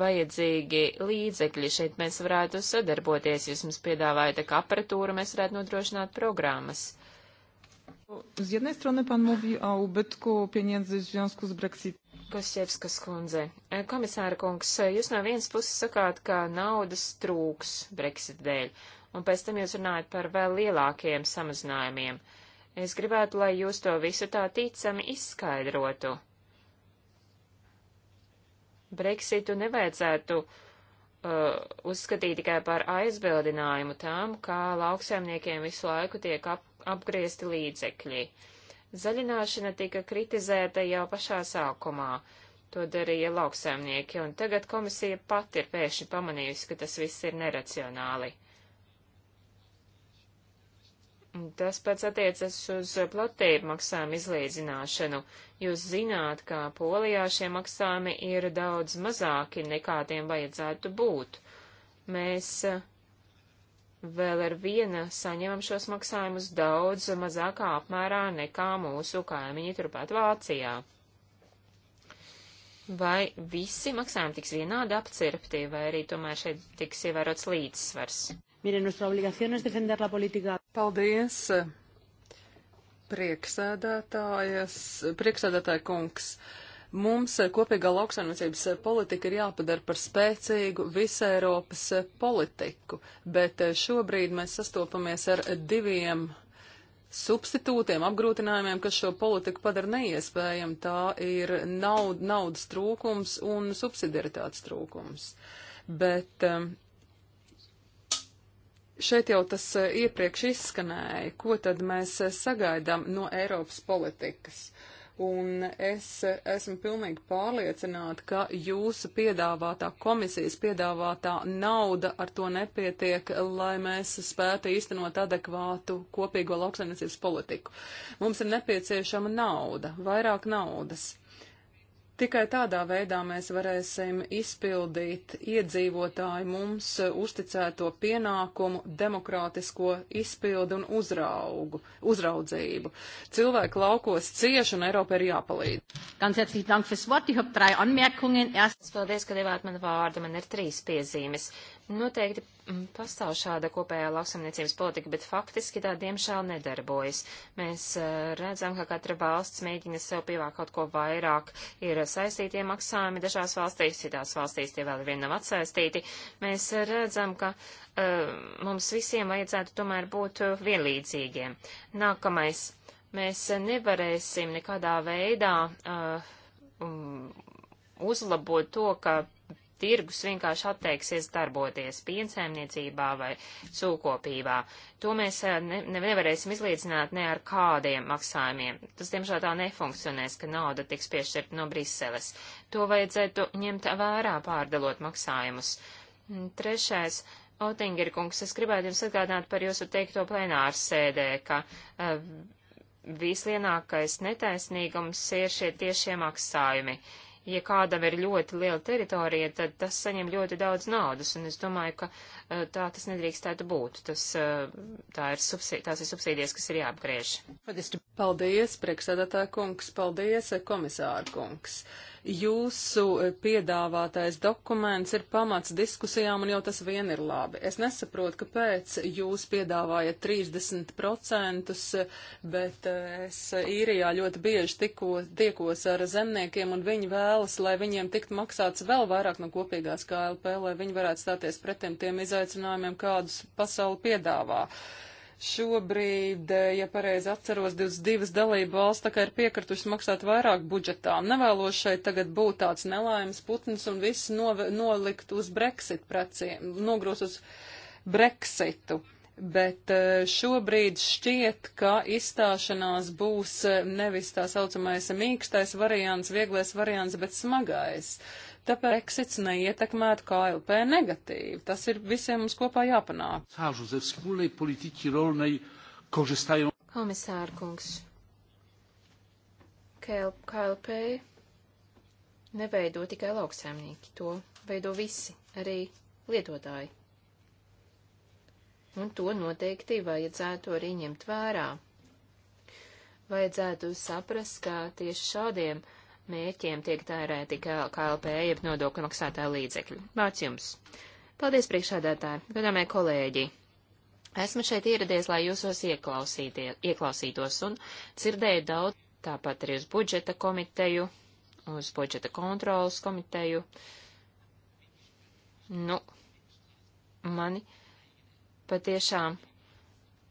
vajadzīgi līdzekļi. Šeit mēs varētu sadarboties, jūs mums piedāvājat apatūru, mēs varētu nodrošināt programmas. Z jednej strony pan mówi o ubytku pieniędzy w związku z Brexitem. Kosievskas kundze, e, komisāra kungs, jūs no vienas puses sakāt, ka naudas trūks Brexit dēļ, un pēc tam jūs runājat par vēl lielākiem samazinājumiem. Es gribētu, lai jūs to visu tā ticami izskaidrotu. Brexitu nevajadzētu uh, uzskatīt tikai par aizbildinājumu tām, kā lauksaimniekiem visu laiku tiek ap, apgriezti līdzekļi. Zaļināšana tika kritizēta jau pašā sākumā. To darīja lauksaimnieki, un tagad komisija pati ir pēkšņi pamanījusi, ka tas viss ir neracionāli. Tas pats attiecas uz platību maksājumu izlīdzināšanu. Jūs zināt, ka polijā šie maksājumi ir daudz mazāki nekā tiem vajadzētu būt. Mēs eh, vēl ar viena saņemam šos maksājumus daudz mazākā apmērā nekā mūsu kaimiņi turpat Vācijā. Vai visi maksājumi tiks vienādi apcirpti, vai arī tomēr šeit tiks ievērots līdzsvars? Mire, nuestra obligación es defender la política. Paldies! Prieksēdētājas, prieksēdētāja kungs. Mums kopīgā lauksaimniecības politika ir jāpadara par spēcīgu visai Eiropas politiku, bet šobrīd mēs sastopamies ar diviem substitūtiem, apgrūtinājumiem, kas šo politiku padara neiespējamu, tā ir naud, naudas trūkums un subsidiaritātes trūkums. Bet um, Šeit jau tas eh, iepriekš izskanēja, ko tad mēs eh, sagaidām no Eiropas politikas. Un es eh, esmu pilnīgi pārliecināta, ka jūsu piedāvātā komisijas piedāvātā nauda ar to nepietiek, lai mēs spētu īstenot adekvātu kopīgo lauksaimniecības politiku. Mums ir nepieciešama nauda, vairāk naudas. Tikai tādā veidā mēs varēsim izpildīt iedzīvotāju mums uzticēto pienākumu, demokrātisko izpildu un uzraugu, uzraudzību. Cilvēki laukos cieši un Eiropa ir jāpalīdz. Ganz herzlichen Dank fürs Wort. Ich habe drei Anmerkungen. Erstens, paldies, ka devāt man vārdu. Man ir trīs piezīmes. Noteikti mm, pastāv šāda kopējā lauksamniecības politika, bet faktiski tā diemžēl nedarbojas. Mēs eh, redzam, ka katra valsts mēģina sev pievākt kaut ko vairāk. Ir saistītie maksājumi dažās valstīs, citās valstīs tie vēl vien nav atsaistīti. Mēs eh, redzam, ka uh, mums visiem vajadzētu tomēr būt vienlīdzīgiem. Nākamais. Mēs nevarēsim nekādā veidā uh, uzlabot to, ka tirgus vienkārši atteiksies darboties piensaimniecībā vai sūkopībā. To mēs eh, ne, nevarēsim izlīdzināt ne ar kādiem maksājumiem. Tas, diemžēl, tā nefunkcionēs, ka nauda tiks piešķirta no Briseles. To vajadzētu ņemt vērā pārdalot maksājumus. Mm, trešais. Otingeri kungs, es gribētu jums atgādināt par jūsu teikto plenāru sēdē, ka uh, vislienākais netaisnīgums ir šie tiešie maksājumi. Uh, ja kādam ir ļoti liela teritorija, tad tas saņem ļoti daudz naudas, un es domāju, ka uh, tā tas nedrīkstētu būt. Tas, uh, tā ir subsidi, tās ir subsīdijas, kas ir jāapgriež. Paldies, priekšsēdētā kungs, paldies, komisāra kungs. Uh, Jūsu e, piedāvātais dokuments ir pamats diskusijām, un jau tas vien ir labi. Es nesaprotu, kāpēc jūs piedāvājat 30%, bet e, es īrijā ļoti bieži tiko, tiekos ar zemniekiem, un viņi vēlas, lai viņiem tikt maksāts vēl vairāk no kopīgās KLP, lai viņi varētu stāties pretim tiem izaicinājumiem, kādus pasauli piedāvā. Uh, Šobrīd, eh, ja pareizi atceros, 22 dalību valsts tā kā ir piekritušas maksāt vairāk budžetā. Nevēlos šeit tagad būt tāds nelaimes putns un viss nolikt uz Brexit preciem, nogrūs uz Brexitu. Bet eh, šobrīd šķiet, ka izstāšanās būs eh, nevis tā saucamais mīkstais variants, vieglais variants, bet smagais. Uh, Tāpēc Brexits neietekmētu KLP negatīvi. Tas ir visiem mums kopā jāpanāk. Komisārkungs, KLP neveido tikai lauksēmnieki, to veido visi, arī lietotāji. Un to noteikti vajadzētu arī ņemt vērā. Vajadzētu saprast, ka tieši šādiem uh, mērķiem tiek tērēti KLP, jeb nodokļu maksātāja līdzekļi. Vārds jums! Paldies, priekšādātāji, godāmie kolēģi! Esmu šeit ieradies, lai jūsos ieklausītos un dzirdēju daudz, tāpat arī uz budžeta komiteju, uz budžeta kontrolas komiteju. Nu, mani patiešām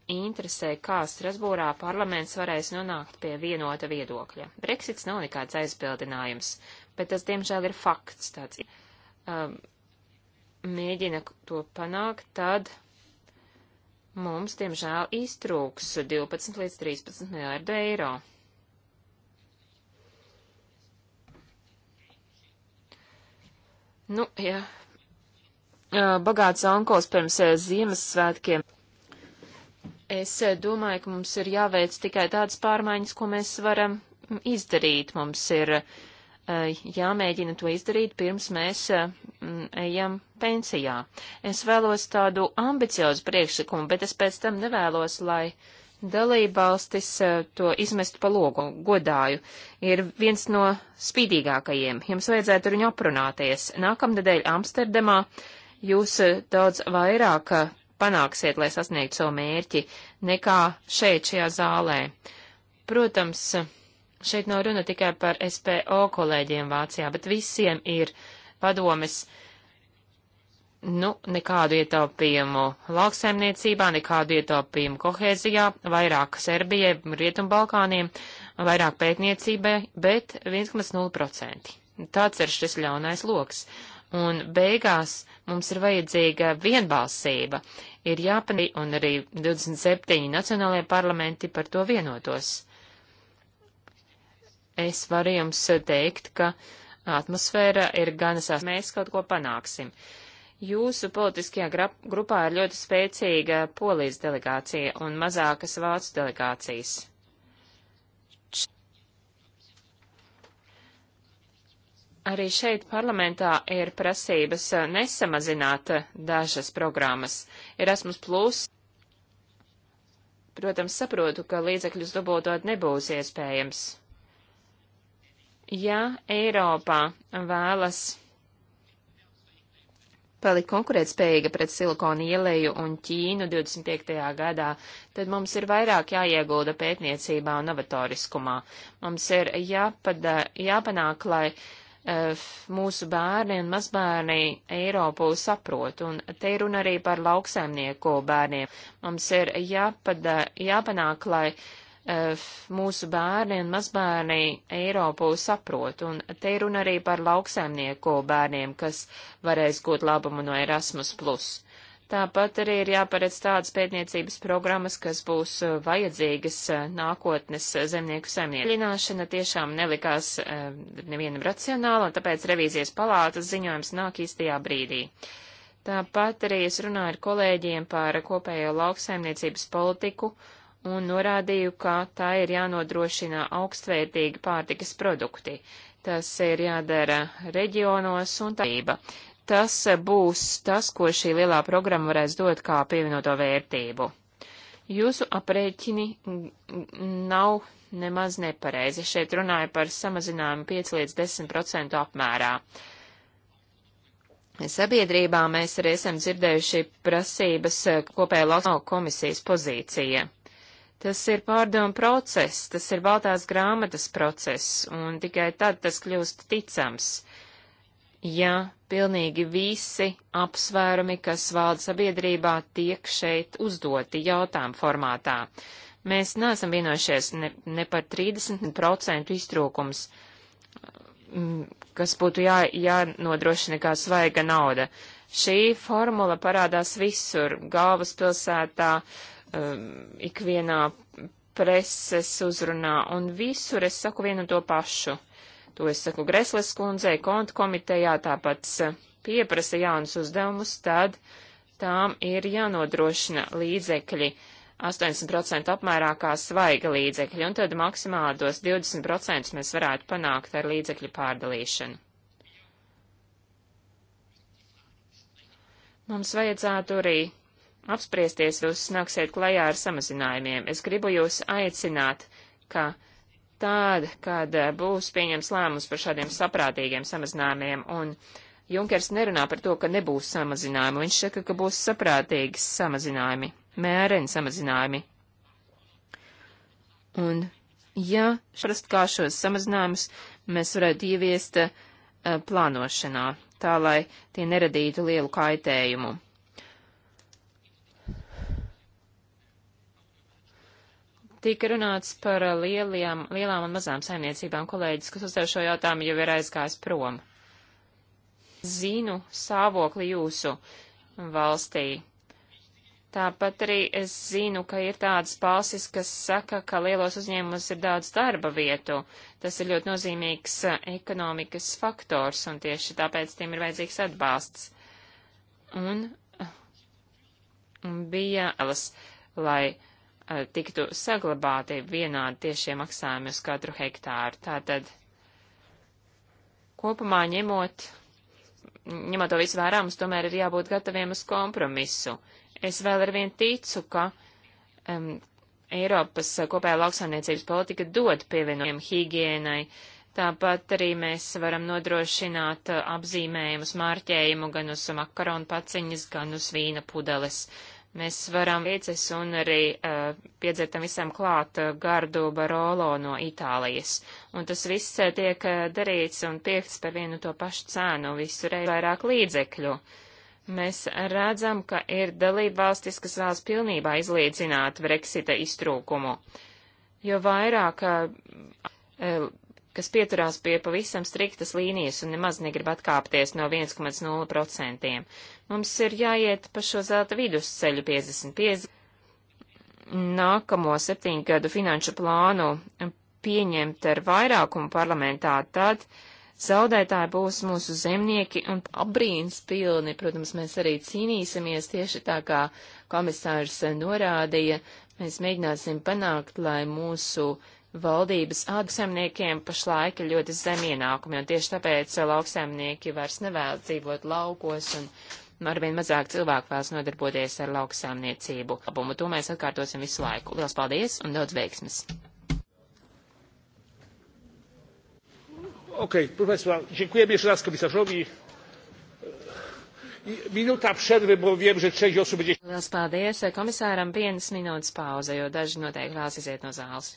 interesē, kā Strasbūrā parlaments varēs nonākt pie vienota viedokļa. Brexits nav nekāds aizbildinājums, bet tas, diemžēl, ir fakts tāds. Um, mēģina to panākt, tad mums, diemžēl, iztrūks 12 līdz 13 miljārdu eiro. Nu, ja uh, bagāts onkos pirms uh, Ziemassvētkiem Es eh, domāju, ka mums ir jāveic tikai tādas pārmaiņas, ko mēs varam mm, izdarīt. Mums ir eh, jāmēģina to izdarīt, pirms mēs eh, mm, ejam pensijā. Es vēlos tādu ambiciozu priekšlikumu, bet es pēc tam nevēlos, lai dalībvalstis to izmest pa logu, godāju, ir viens no spīdīgākajiem. Jums vajadzētu ar viņu aprunāties. Nākamnedēļ Amsterdamā jūs daudz vairāk panāksiet, lai sasniegtu savu mērķi, nekā šeit, šajā zālē. Protams, šeit nav runa tikai par SPO kolēģiem Vācijā, bet visiem ir padomes nu, nekādu ietaupījumu lauksaimniecībā, nekādu ietaupījumu kohēzijā, vairāk Serbijai, Rietumbalkāniem, vairāk pētniecībai, bet 1,0%. Tāds ir šis ļaunais loks un beigās mums ir vajadzīga vienbalsība. Ir jāpanī, un arī 27 nacionālajie parlamenti par to vienotos. Es varu jums teikt, ka atmosfēra ir gan sās, mēs kaut ko panāksim. Jūsu politiskajā grupā ir ļoti spēcīga polijas delegācija un mazākas vācu delegācijas. Arī šeit parlamentā ir prasības eh, nesamazināt eh, dažas programmas. Erasmus Plus, protams, saprotu, ka līdzekļus dubultot nebūs iespējams. Ja Eiropā vēlas palikt konkurētspējīga pret silikonu ieleju un Ķīnu 25. gadā, tad mums ir vairāk jāiegulda pētniecībā un novatoriskumā. Mums ir jāpada, jāpanāk, lai Eh, mūsu bērni un mazbērni Eiropu saprot, un te ir runa arī par lauksaimnieku bērniem. Mums ir jāpada, jāpanāk, lai eh, mūsu bērni un mazbērni Eiropu saprot, un te ir runa arī par lauksaimnieku bērniem, kas varēs gūt labumu no Erasmus. Tāpat arī ir jāparedz tādas pētniecības programmas, kas būs uh, vajadzīgas uh, nākotnes uh, zemnieku saimnieku. Lināšana tiešām nelikās nevienam racionāli, un tāpēc revīzijas palātas ziņojums nāk īstajā brīdī. Tāpat arī es runāju ar kolēģiem par kopējo lauksaimniecības politiku un norādīju, ka tā ir jānodrošina augstvērtīgi pārtikas produkti. Tas ir jādara reģionos un tāība. Tā tas būs tas, ko šī lielā programma varēs dot kā pievienoto vērtību. Jūsu aprēķini nav nemaz nepareizi. Šeit runāja par samazinājumu 5 līdz 10% apmērā. Sabiedrībā mēs arī esam dzirdējuši prasības eh, kopēja lauksnau komisijas pozīcija. Tas ir pārdomu process, tas ir baltās grāmatas process, un tikai tad tas kļūst ticams ja pilnīgi visi apsvērumi, kas valda sabiedrībā, tiek šeit uzdoti jautājumu formātā. Mēs neesam vienojušies ne, ne par 30% iztrūkums, mm, kas būtu jā, jānodrošina kā svaiga nauda. Šī formula parādās visur - galvaspilsētā, um, ikvienā preses uzrunā, un visur es saku vienu to pašu To es saku Gresles kundzei, kontu komitejā tāpat pieprasa jaunus uzdevumus, tad tām ir jānodrošina līdzekļi 80% apmērā kā svaiga līdzekļi, un tad maksimāli tos 20% mēs varētu panākt ar līdzekļu pārdalīšanu. Mums vajadzētu arī apspriesties, jūs nāksiet klajā ar samazinājumiem. Es gribu jūs aicināt, ka tad, kad eh, būs pieņems lēmums par šādiem saprātīgiem samazinājumiem, un Junkers nerunā par to, ka nebūs samazinājumi, viņš saka, ka būs saprātīgi samazinājumi, mēreni samazinājumi. Un, ja šast kā šos samazinājumus mēs varētu ieviest uh, plānošanā, tā lai tie neradītu lielu kaitējumu. Tika runāts par lielajām, lielām un mazām saimniecībām. Kolēģis, kas uzdev šo jautājumu, jau ir aizgājis prom. Zinu stāvokli jūsu valstī. Tāpat arī es zinu, ka ir tādas balsis, kas saka, ka lielos uzņēmumos ir daudz darba vietu. Tas ir ļoti nozīmīgs eh, ekonomikas faktors, un tieši tāpēc tiem ir vajadzīgs atbalsts. Un eh, bija alas, lai Eh, tiktu saglabāti vienādi tiešie maksājumi uz katru hektāru. Tātad kopumā ņemot, ņemot to visu vērā, mums tomēr ir jābūt gataviem uz kompromisu. Es vēl ar vien ticu, ka um, Eiropas kopējā lauksaimniecības politika dod pievienojumu higienai, tāpat arī mēs varam nodrošināt eh, apzīmējumus, mārķējumu gan uz makaronu paciņas, gan uz vīna pudeles. Uh, Mēs varam vieces un arī uh, eh, piedzert tam visam klāt uh, Gardu Barolo no Itālijas. Un tas viss uh, tiek uh, darīts un tiekts par vienu to pašu cēnu, visur ir vairāk līdzekļu. Mēs redzam, ka ir dalība valstis, kas vēlas pilnībā izlīdzināt Brexita iztrūkumu. Jo vairāk uh, kas pieturās pie pavisam striktas līnijas un nemaz negrib atkāpties no 1,0%. Mums ir jāiet pa šo zelta vidusceļu 55. Nākamo septiņu gadu finanšu plānu pieņemt ar vairākumu parlamentā, tad zaudētāji būs mūsu zemnieki un abrīns pilni. Protams, mēs arī cīnīsimies tieši tā, kā komisārs norādīja. Mēs mēģināsim panākt, lai mūsu valdības lauksaimniekiem pašlaik ir ļoti zem ienākumi, un tieši tāpēc lauksaimnieki vairs nevēlas dzīvot laukos un arvien mazāk cilvēku vēlas nodarboties ar lauksāmniecību. Labumu to mēs atkārtosim visu laiku. Lielas paldies un daudz veiksmes! Okej, okay, proszę Państwa, dziękujemy jeszcze raz komisarzowi. Minūtā apšervi, bo viem, že ceļš jau subiģi. Lielas paldies komisāram, vienas minūtes pauze, jo daži noteikti vēlas iziet no zāles.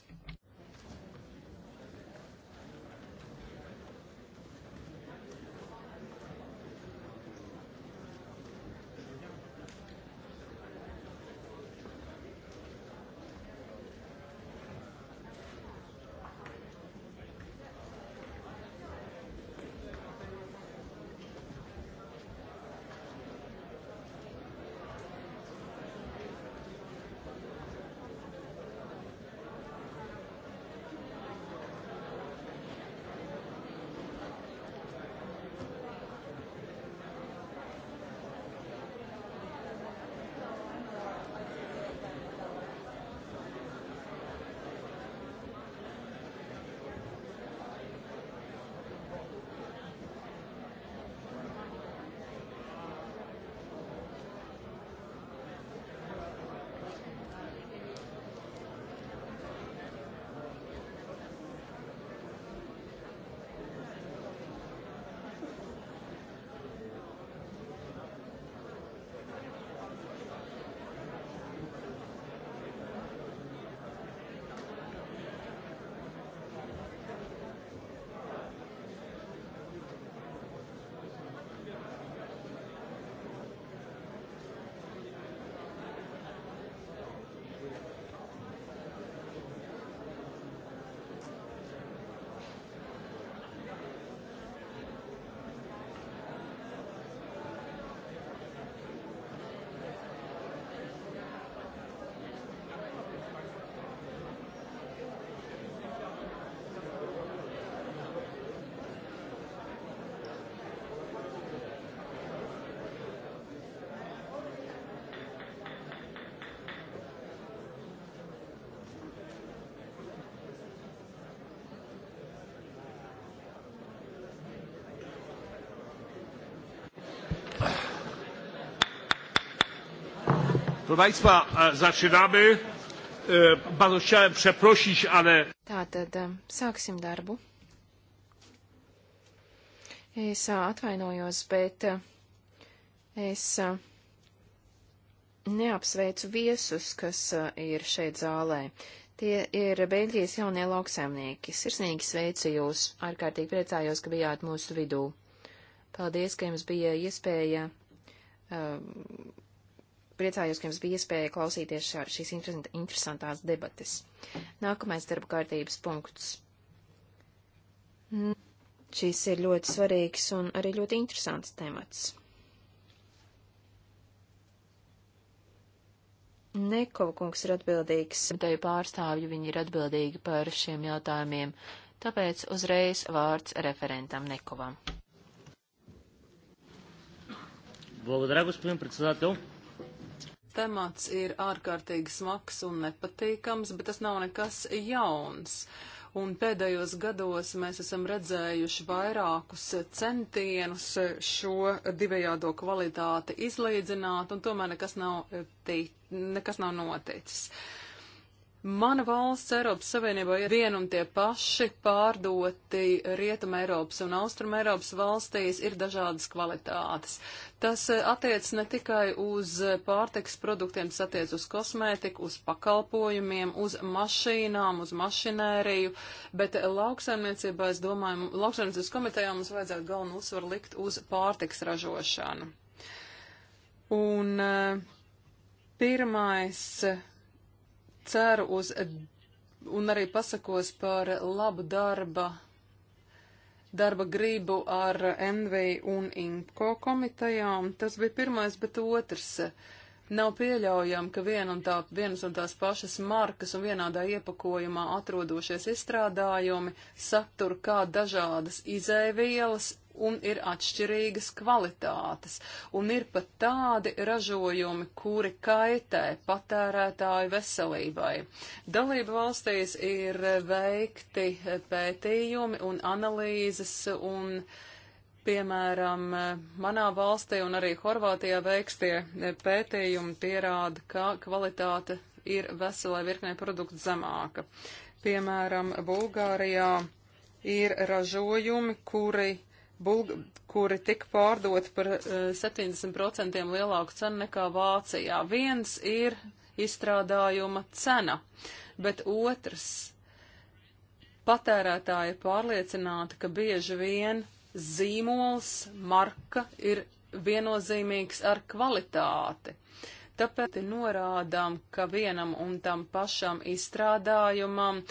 Proszę Państwa, e, zaczynamy. E, bardzo chciałem przeprosić, ale. Tātad e, sāksim darbu. Es atvainojos, bet es neapsveicu viesus, kas ir šeit zālē. Tie ir Beļģijas jaunie lauksaimnieki. Sirsnīgi sveicu jūs, ārkārtīgi priecājos, ka bijāt mūsu vidū. Paldies, ka jums bija iespēja uh, priecājos, ka jums bija iespēja klausīties šā, šīs interesantās debates. Nākamais darba kārtības punkts. Šis ir ļoti svarīgs un arī ļoti interesants temats. Nekova kungs ir atbildīgs. Teju pārstāvju viņi ir atbildīgi par šiem jautājumiem, tāpēc uzreiz vārds referentam Nekovam. Благодаря, господин председател temats ir ārkārtīgi smags un nepatīkams, bet tas nav nekas jauns. Un pēdējos gados mēs esam redzējuši vairākus centienus šo divējādo kvalitāti izlīdzināt, un tomēr nekas nav, eh, tī, nekas nav noticis. Uh, Mana valsts Eiropas Savienībā ir vien un tie paši pārdoti Rietuma Eiropas un Austruma Eiropas valstīs ir dažādas kvalitātes. Tas eh, attiec ne tikai uz pārtiks produktiem, tas attiec uz kosmētiku, uz pakalpojumiem, uz mašīnām, uz mašinēriju, bet lauksaimniecībā, es domāju, lauksaimniecības komitejā mums vajadzētu galvenu uzsvaru likt uz pārtiks ražošanu. Un eh, pirmais ceru uz un arī pasakos par labu darba, darba gribu ar NV un INKO komitejām. Tas bija pirmais, bet otrs. Uh, Nav pieļaujami, ka vien un tā, vienas un tās pašas markas un vienādā iepakojumā atrodošies izstrādājumi satur kā dažādas izēvielas un ir atšķirīgas kvalitātes, un ir pat tādi ražojumi, kuri kaitē patērētāju veselībai. Dalība valstīs ir veikti pētījumi un analīzes un uh, Piemēram, manā valstī un arī Horvātijā veikstie pētījumi pierāda, ka kvalitāte ir veselai virknē produktu zemāka. Piemēram, Bulgārijā ir ražojumi, kuri, bulg, kuri tika pārdoti par 70% eh, lielāku cenu nekā Vācijā. Viens ir izstrādājuma cena, bet otrs patērētāji pārliecināti, ka bieži vien zīmols, marka ir viennozīmīgs ar kvalitāti. Tāpēc norādām, ka vienam un tam pašam izstrādājumam,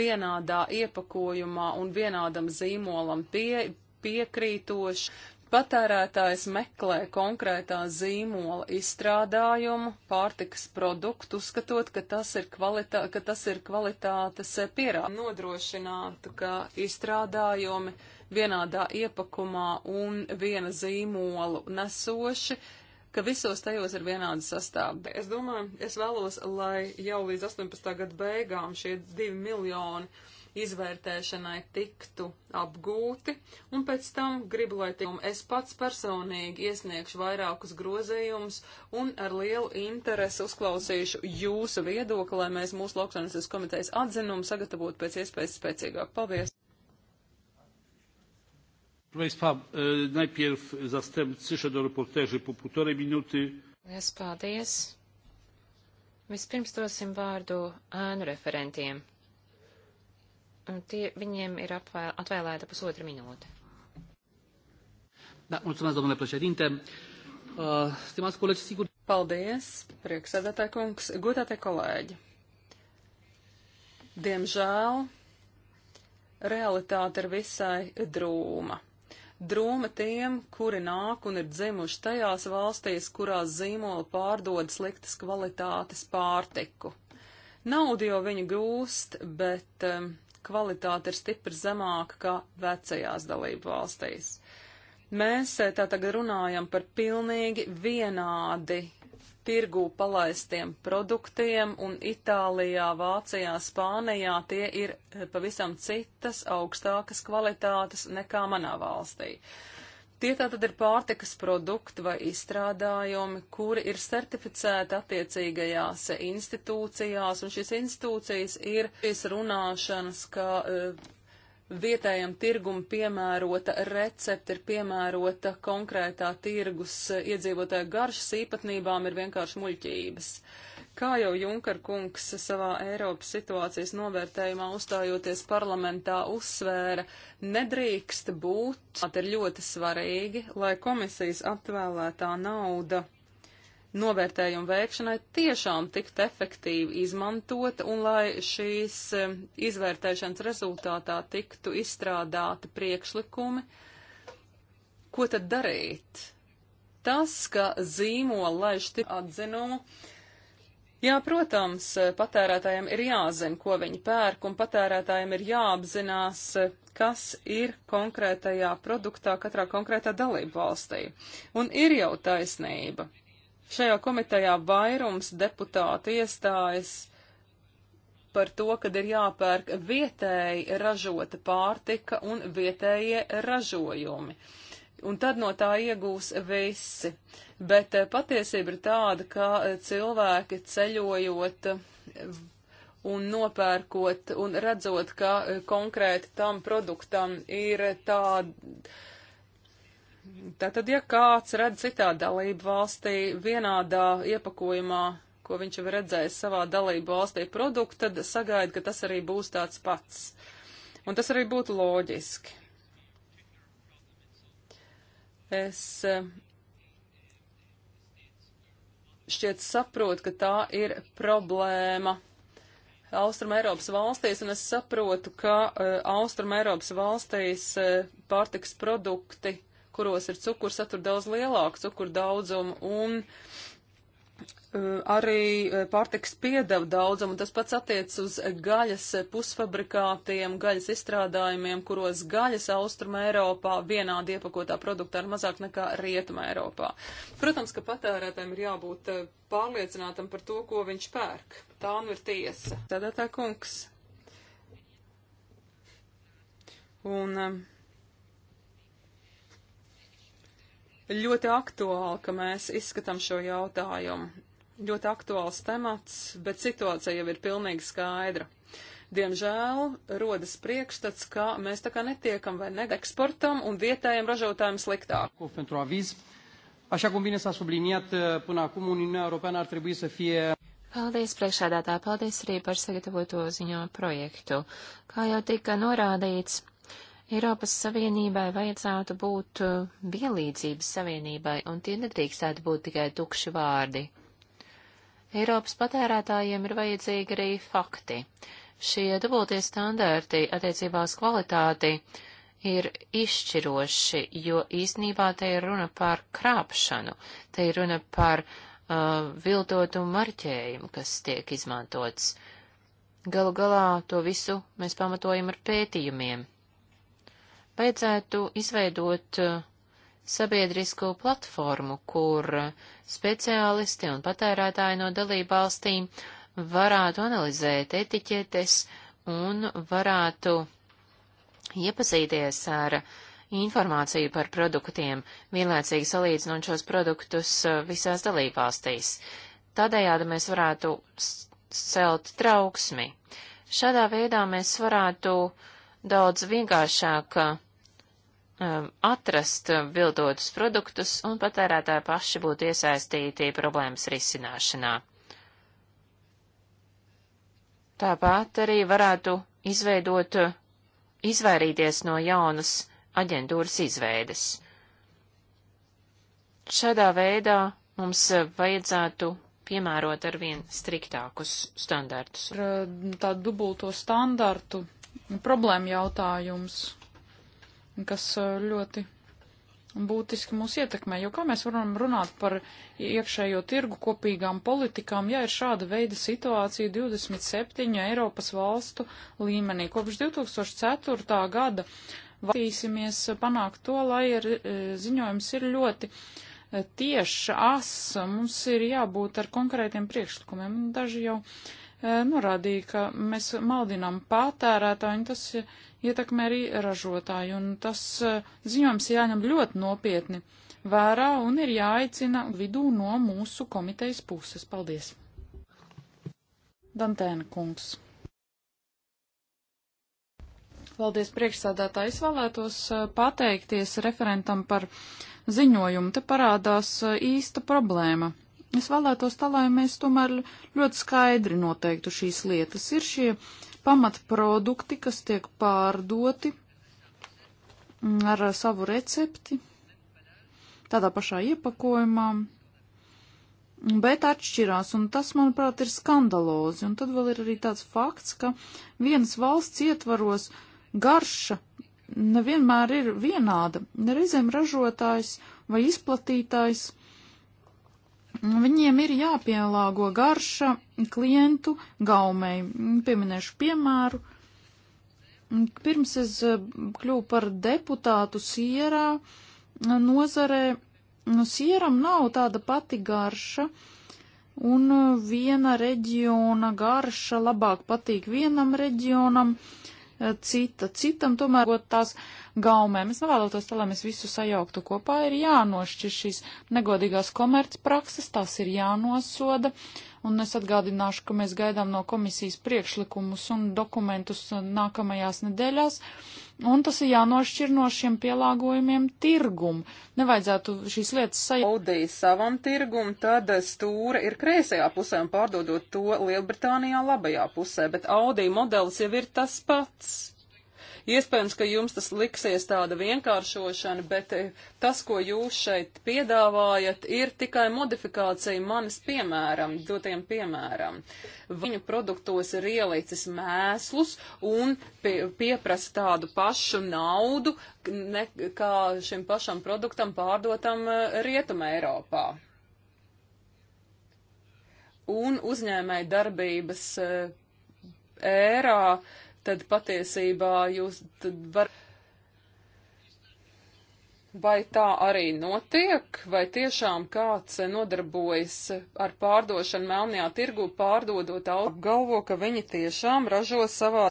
vienādā iepakojumā un vienādam zīmolam pie, piekrītoši, patērētājs meklē konkrētā zīmola izstrādājumu pārtikas produktu, uzskatot, ka tas ir, kvalitā, ka tas ir kvalitātes pierādījums. Nodrošinātu, ka izstrādājumi vienādā iepakumā un viena zīmolu nesoši, ka visos tajos ir vienāda sastāvdaļa. Es domāju, es vēlos, lai jau līdz 18. gada beigām šie divi miljoni izvērtēšanai tiktu apgūti, un pēc tam gribu, lai tiem es pats personīgi iesniegšu vairākus grozējumus un ar lielu interesi uzklausīšu jūsu viedokli, lai mēs mūsu lauksaimniecības komitejas atzinumu sagatavotu pēc iespējas spēcīgāk. Paldies! Proszę e, najpierw zastępcy, šedoroporteži po półtorej minūti. Lies paldies. Vispirms dosim vārdu ēnu referentiem. Un tie, viņiem ir apvēl, atvēlēta pusotra minūte. Da, mulțumesc, domnule președinte. Uh, stimați colegi, sigur... Paldies, prieksēdētāj kungs, godātie kolēģi. Diemžēl realitāte ir visai drūma drūma tiem, kuri nāk un ir dzimuši tajās valstīs, kurās zīmola pārdod sliktas kvalitātes pārtiku. Naudu jau viņi gūst, bet um, kvalitāte ir stipri zemāka kā vecajās dalību valstīs. Mēs eh, tā tagad runājam par pilnīgi vienādi tirgū palaistiem produktiem, un Itālijā, Vācijā, Spānijā tie ir eh, pavisam citas, augstākas kvalitātes nekā manā valstī. Tie tātad ir pārtikas produkti vai izstrādājumi, kuri ir certificēti attiecīgajās institūcijās, un šīs institūcijas ir šīs runāšanas, ka uh, vietējam tirgum piemērota recepte, ir piemērota konkrētā tirgus iedzīvotāja garšas īpatnībām, ir vienkārši muļķības. Kā jau Junker kungs savā Eiropas situācijas novērtējumā uzstājoties parlamentā uzsvēra, nedrīkst būt, ir ļoti svarīgi, lai komisijas aptvēlētā nauda novērtējumu veikšanai tiešām tikt efektīvi izmantota un lai šīs eh, izvērtēšanas rezultātā tiktu izstrādāti priekšlikumi, ko tad darīt? Tas, ka zīmola laiž tik atzinumu, Jā, protams, patērētājiem ir jāzina, ko viņi pērk, un patērētājiem ir jāapzinās, kas ir konkrētajā produktā katrā konkrētā dalību valstī. Un ir jau taisnība, Šajā komitejā vairums deputātu iestājas par to, ka ir jāpērk vietēji ražota pārtika un vietējie ražojumi. Un tad no tā iegūs visi. Bet eh, patiesība ir tāda, ka eh, cilvēki ceļojot eh, un nopērkot un redzot, ka konkrēti tam produktam ir tāda Tātad, ja kāds redz citā dalību valstī vienādā iepakojumā, ko viņš jau redzējis savā dalību valstī produktu, tad sagaida, ka tas arī būs tāds pats. Un tas arī būtu loģiski. Es eh, šķiet saprotu, ka tā ir problēma Austrumēropas valstīs, un es saprotu, ka uh, eh, Austrumēropas valstīs uh, pārtiks produkti uh, kuros ir cukursatur daudz lielāku cukuru daudzumu un e, arī e, pārtiks piedeva daudzumu. Tas pats attiec uz gaļas pusfabrikātiem, gaļas izstrādājumiem, kuros gaļas austruma Eiropā vienādi iepakotā produktā ir mazāk nekā rietuma Eiropā. Protams, ka patērētājiem ir jābūt e, pārliecinātam par to, ko viņš pērk. Tā nu ir tiesa. Tādā tā kungs. Un, um, Ļoti aktuāli, ka mēs izskatām šo jautājumu. Ļoti aktuāls temats, bet situācija jau ir pilnīgi skaidra. Diemžēl rodas priekšstats, ka mēs tā kā netiekam vai ne eksportam un vietējiem ražotājiem sliktāk. Așa cum bine s-a subliniat eh, până acum, Uniunea Europeană ar trebui să fie Paldies priekšādātā, paldies arī par sagatavoto ziņo projektu. Kā jau tika norādīts, Eiropas Savienībai vajadzētu būt uh, vienlīdzības savienībai, un tie nedrīkstētu būt tikai tukši vārdi. Eiropas patērētājiem ir vajadzīgi arī fakti. Šie dubultie standarti attiecībā uz kvalitāti ir izšķiroši, jo īsnībā te ir runa par krāpšanu, te ir runa par uh, viltotu marķējumu, kas tiek izmantots. Galu galā to visu mēs pamatojam ar pētījumiem vajadzētu izveidot uh, sabiedrisko platformu, kur uh, speciālisti un patērētāji no dalībvalstīm varētu analizēt etiķetes un varētu iepazīties ar informāciju par produktiem, vienlaicīgi salīdzinot šos produktus uh, visās dalībvalstīs. Tādējādi mēs varētu celt trauksmi. Šādā veidā mēs varētu uh, daudz vienkāršāk eh, atrast viltotus produktus un patērētāji paši būtu iesaistīti problēmas risināšanā. Tāpat arī varētu izveidot, izvairīties no jaunas aģentūras izveides. Šādā veidā mums vajadzētu piemērot arvien striktākus standartus. Tādu dubulto standartu problēma jautājums, kas e, ļoti būtiski mūs ietekmē, jo kā mēs varam runāt par iekšējo tirgu kopīgām politikām, ja ir šāda veida situācija 27 Eiropas valstu līmenī. Kopš 2004. gada vadīsimies panākt to, lai ir, e, ziņojums ir ļoti e, tieši as, mums ir jābūt ar konkrētiem priekšlikumiem, daži jau E, norādīja, ka mēs maldinām patērētāju, un tas ietekmē arī ražotāju, un tas e, ziņojums jāņem ļoti nopietni vērā un ir jāaicina vidū no mūsu komitejas puses. Paldies! Dantēna kungs. Paldies priekšsādātāji. Es vēlētos e, pateikties referentam par ziņojumu. Te parādās īsta problēma Es vēlētos tā, lai mēs tomēr ļoti skaidri noteiktu šīs lietas. Ir šie pamatprodukti, kas tiek pārdoti mm, ar savu recepti, tādā pašā iepakojumā, bet atšķirās, un tas, manuprāt, ir skandalozi. Un tad vēl ir arī tāds fakts, ka vienas valsts ietvaros garša nevienmēr ir vienāda. Reizēm ražotājs vai izplatītājs Viņiem ir jāpielāgo garša klientu gaumei. Pieminēšu piemēru. Pirms es eh, kļuvu par deputātu sierā eh, nozarē, nu, sieram nav tāda pati garša, un eh, viena reģiona garša labāk patīk vienam reģionam, cita citam, tomēr tās uh, gaumēm. Es nevēlētos, tā, lai mēs visu sajauktu kopā, ir jānošķir šīs negodīgās komercprakses, tās ir jānosoda. Un es atgādināšu, ka mēs gaidām no komisijas priekšlikumus un dokumentus nākamajās nedēļās. Un tas ir jānošķir no šiem pielāgojumiem tirgumu. Nevajadzētu šīs lietas sajaukt. Audija savam tirgumu, tad stūra ir kreisajā pusē un pārdodot to Lielbritānijā labajā pusē, bet Audija modelis jau ir tas pats. Iespējams, ka jums tas liksies tāda vienkāršošana, bet eh, tas, ko jūs šeit piedāvājat, ir tikai modifikācija manis piemēram, dotiem piemēram. Viņu produktos ir ielicis mēslus un pie, pieprasa tādu pašu naudu, ne, kā šim pašam produktam pārdotam eh, Rietumē Eiropā un uzņēmēja darbības eh, ērā tad patiesībā jūs tad varat. Vai tā arī notiek, vai tiešām kāds nodarbojas ar pārdošanu melnajā tirgu, pārdodot apgalvo, ka viņi tiešām ražo savā.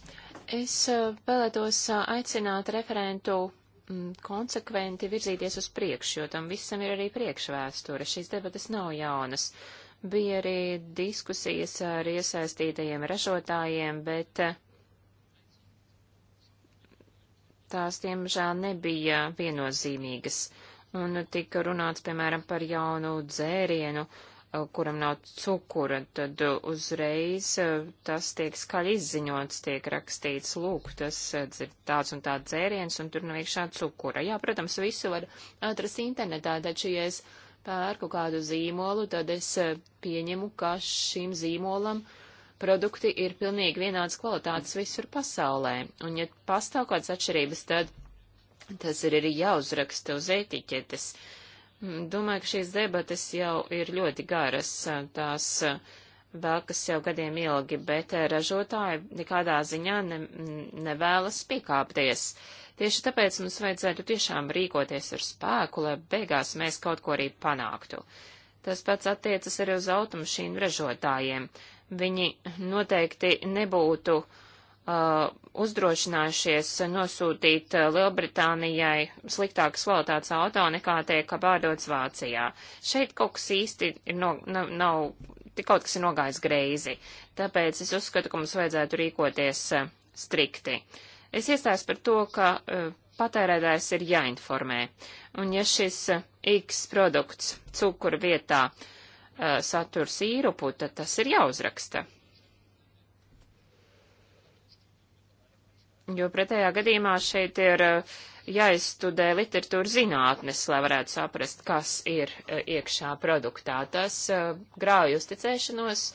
Es eh, vēlētos eh, aicināt referentu mm, konsekventi virzīties uz priekšu, jo tam visam ir arī priekšvēsture. Šīs debatas nav jaunas. Bija arī diskusijas ar iesaistītajiem ražotājiem, bet uh, tās, diemžēl, nebija viennozīmīgas. Un tika runāts, piemēram, par jaunu dzērienu, uh, kuram nav cukura, tad uh, uzreiz uh, tas tiek skaļi izziņots, tiek rakstīts, lūk, tas ir tāds un tāds dzēriens, un tur nav iekšā cukura. Jā, protams, visu var atrast internetā, taču, ja es pērku kādu zīmolu, tad es pieņemu, ka šim zīmolam uh, produkti ir pilnīgi vienādas kvalitātes visur pasaulē, un ja pastāv kādas atšķirības, tad tas ir arī jāuzraksta uz etiķetes. Mm, Domāju, ka šīs debates jau ir ļoti garas, tās eh, velkas jau gadiem ilgi, bet eh, ražotāji nekādā ziņā ne, nevēlas piekāpties. Tieši tāpēc mums vajadzētu tiešām rīkoties ar spēku, lai beigās mēs kaut ko arī panāktu. Tas pats attiecas arī uz automašīnu ražotājiem viņi noteikti nebūtu uh, uzdrošinājušies nosūtīt uh, Lielbritānijai sliktākas kvalitātes auto nekā tiek pārdots Vācijā. Šeit kaut kas īsti ir no, nav, nav, tik kaut kas ir nogājis greizi, tāpēc es uzskatu, ka mums vajadzētu rīkoties uh, strikti. Es iestājos par to, ka uh, patērētājs ir jāinformē, un ja šis uh, X produkts cukuru vietā uh, Uh, satur sīrupu, tad tas ir jāuzraksta. Jo pretējā gadījumā šeit ir uh, jāizstudē literatūra zinātnes, lai varētu saprast, kas ir uh, iekšā produktā. Tas grauj uzticēšanos,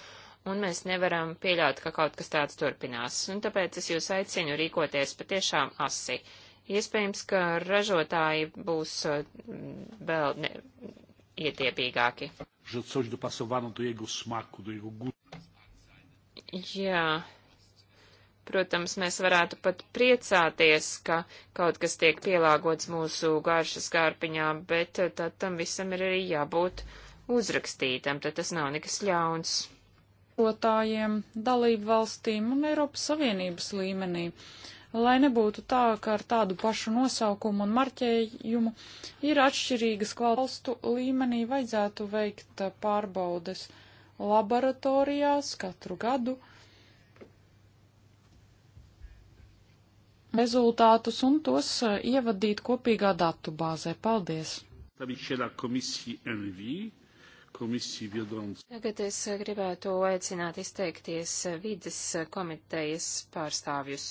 un mēs nevaram pieļaut, ka kaut kas tāds turpinās. Un tāpēc es jūs aicinu rīkoties patiešām asi. Iespējams, ka ražotāji būs vēl ne, ietiepīgāki że coś dopasowano do jego smaku, do jego gustu. Jā, protams, mēs varētu pat priecāties, ka kaut kas tiek pielāgots mūsu garšas kārpiņā, bet tad tam visam ir arī jābūt uzrakstītam, tad tas nav nekas ļauns. Otājiem, dalību valstīm un Eiropas Savienības līmenī. Uh, lai nebūtu tā, ka ar tādu pašu nosaukumu un marķējumu ir atšķirīgas valstu līmenī vajadzētu veikt pārbaudes laboratorijās katru gadu. Rezultātus un tos eh, ievadīt kopīgā datu bāzē. Paldies! Tagad es gribētu aicināt izteikties vides komitejas pārstāvjus.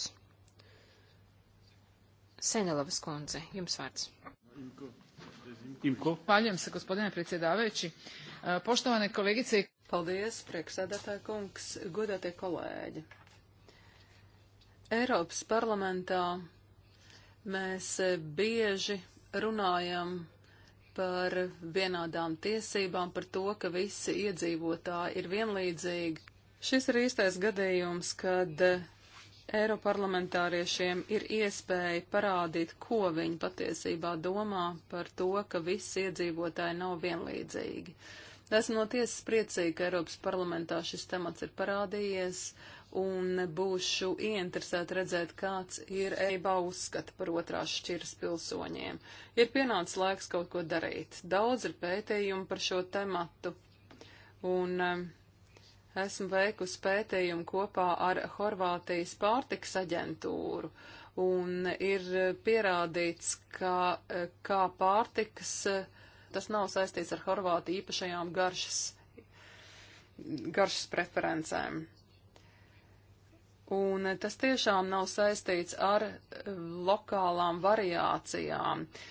Senelovas kundze, jums vārds. Paļiem se, gospodine predsēdāvēči. E, poštovane kolegice. Paldies, prieksēdētāja kungs, godātie kolēģi. Eiropas parlamentā mēs bieži runājam par vienādām tiesībām, par to, ka visi iedzīvotāji ir vienlīdzīgi. Šis ir īstais gadījums, kad Eiroparlamentāriešiem ir iespēja parādīt, ko viņi patiesībā domā par to, ka visi iedzīvotāji nav vienlīdzīgi. Esmu no tiesas priecīga, ka Eiropas parlamentā šis temats ir parādījies, un būšu ieinteresēta redzēt, kāds ir eibā uzskata par otrās šķiras pilsoņiem. Ir pienācis laiks kaut ko darīt. Daudz ir pētījumi par šo tematu, un um, Esmu veikusi pētījumu kopā ar Horvātijas pārtiks aģentūru, un ir pierādīts, ka kā pārtiks, tas nav saistīts ar Horvātiju īpašajām garšas, garšas preferencēm. Un tas tiešām nav saistīts ar lokālām variācijām. Uh,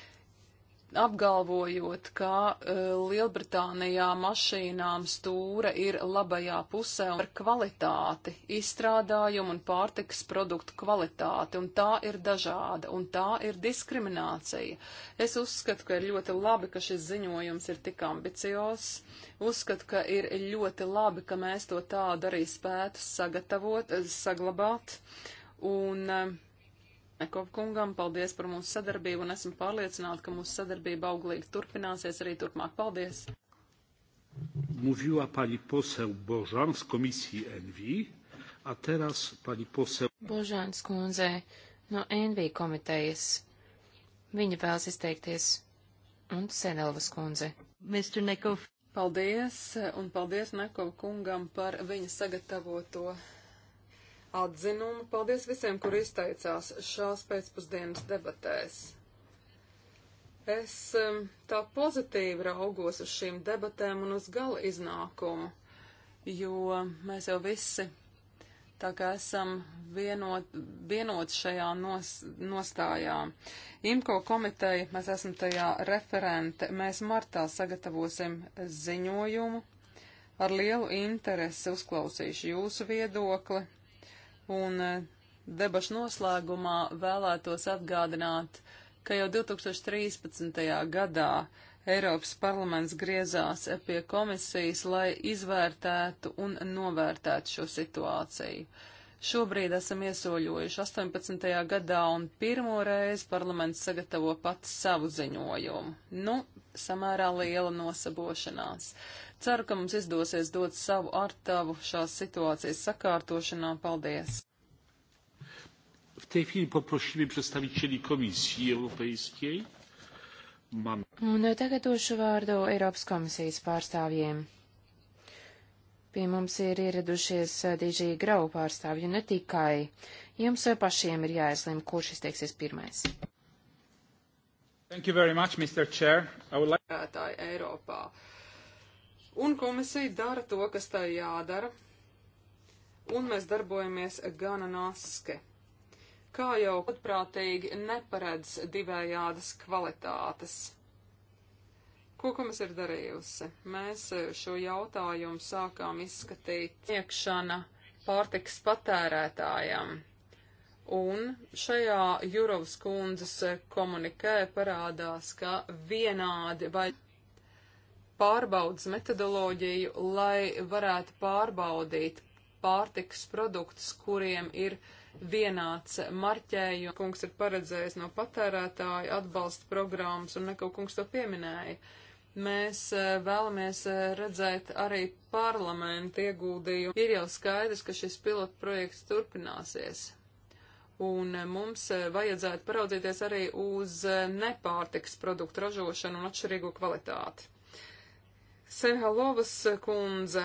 apgalvojot, ka uh, Lielbritānijā mašīnām stūra ir labajā pusē un par kvalitāti, izstrādājumu un pārtikas produktu kvalitāti, un tā ir dažāda, un tā ir diskriminācija. Es uzskatu, ka ir ļoti labi, ka šis ziņojums ir tik ambiciozs. Uzskatu, ka ir ļoti labi, ka mēs to tādu arī spētu sagatavot, eh, saglabāt. Un, uh, Nekov kungam, paldies par mūsu sadarbību un esmu pārliecināta, ka mūsu sadarbība auglīgi turpināsies arī turpmāk. Paldies! Mówiła pani poseł Bożan z komisji Envi, a teraz pani poseł... Bożan skundze no Envi komitejas. Viņa vēlas izteikties. Un Senelvas kundze. Mr. Nekov. Paldies, un paldies Nekov kungam par viņa sagatavoto atzinumu. Paldies visiem, kur izteicās šās pēcpusdienas debatēs. Es um, tā pozitīvi raugos uz šīm debatēm un uz gala iznākumu, jo mēs jau visi tā kā esam vienot, vienot šajā nos, nostājā. IMKO komiteja, mēs esam tajā referente, mēs martā sagatavosim ziņojumu. Ar lielu interesi uzklausīšu jūsu viedokli Un e, debašu noslēgumā vēlētos atgādināt, ka jau 2013. gadā Eiropas parlaments griezās pie komisijas, lai izvērtētu un novērtētu šo situāciju. Šobrīd esam iesoļojuši 18. gadā un pirmo reizi parlaments sagatavo pats savu ziņojumu. Nu, samērā liela nosabošanās. Ceru, ka mums izdosies dot savu artavu šās situācijas sakārtošanā. Paldies! W tej chwili poprosimy przedstawicieli Komisji Europejskiej. Mam... Un tagad došu vārdu Eiropas komisijas pārstāvjiem. Pie mums ir ieradušies DG Grau pārstāvju ne tikai. Jums pašiem ir jāizlem, kurš izteiksies pirmais. Thank you very much, Mr. Chair. I would like... Eiropā. Uh, Un komisija dara to, kas tai jādara, un mēs darbojamies gana naske. Kā jau atprātīgi neparedz divējādas kvalitātes. Ko komisija ir darījusi? Mēs šo jautājumu sākām izskatīt iekšana pārtiks patērētājam. Un šajā Jurovas kundzes komunikē parādās, ka vienādi vai pārbaudas metodoloģiju, lai varētu pārbaudīt pārtikas produktus, kuriem ir vienāds marķējums. Kungs ir paredzējis no patērētāju atbalsta programmas, un neko kungs to pieminēja. Mēs eh, vēlamies eh, redzēt arī parlamentu ieguldījumu. Ir jau skaidrs, ka šis pilotprojekts turpināsies. Un eh, mums vajadzētu paraudzīties arī uz nepārtiks produktu ražošanu un atšķirīgo kvalitāti. Senhalovas kundze,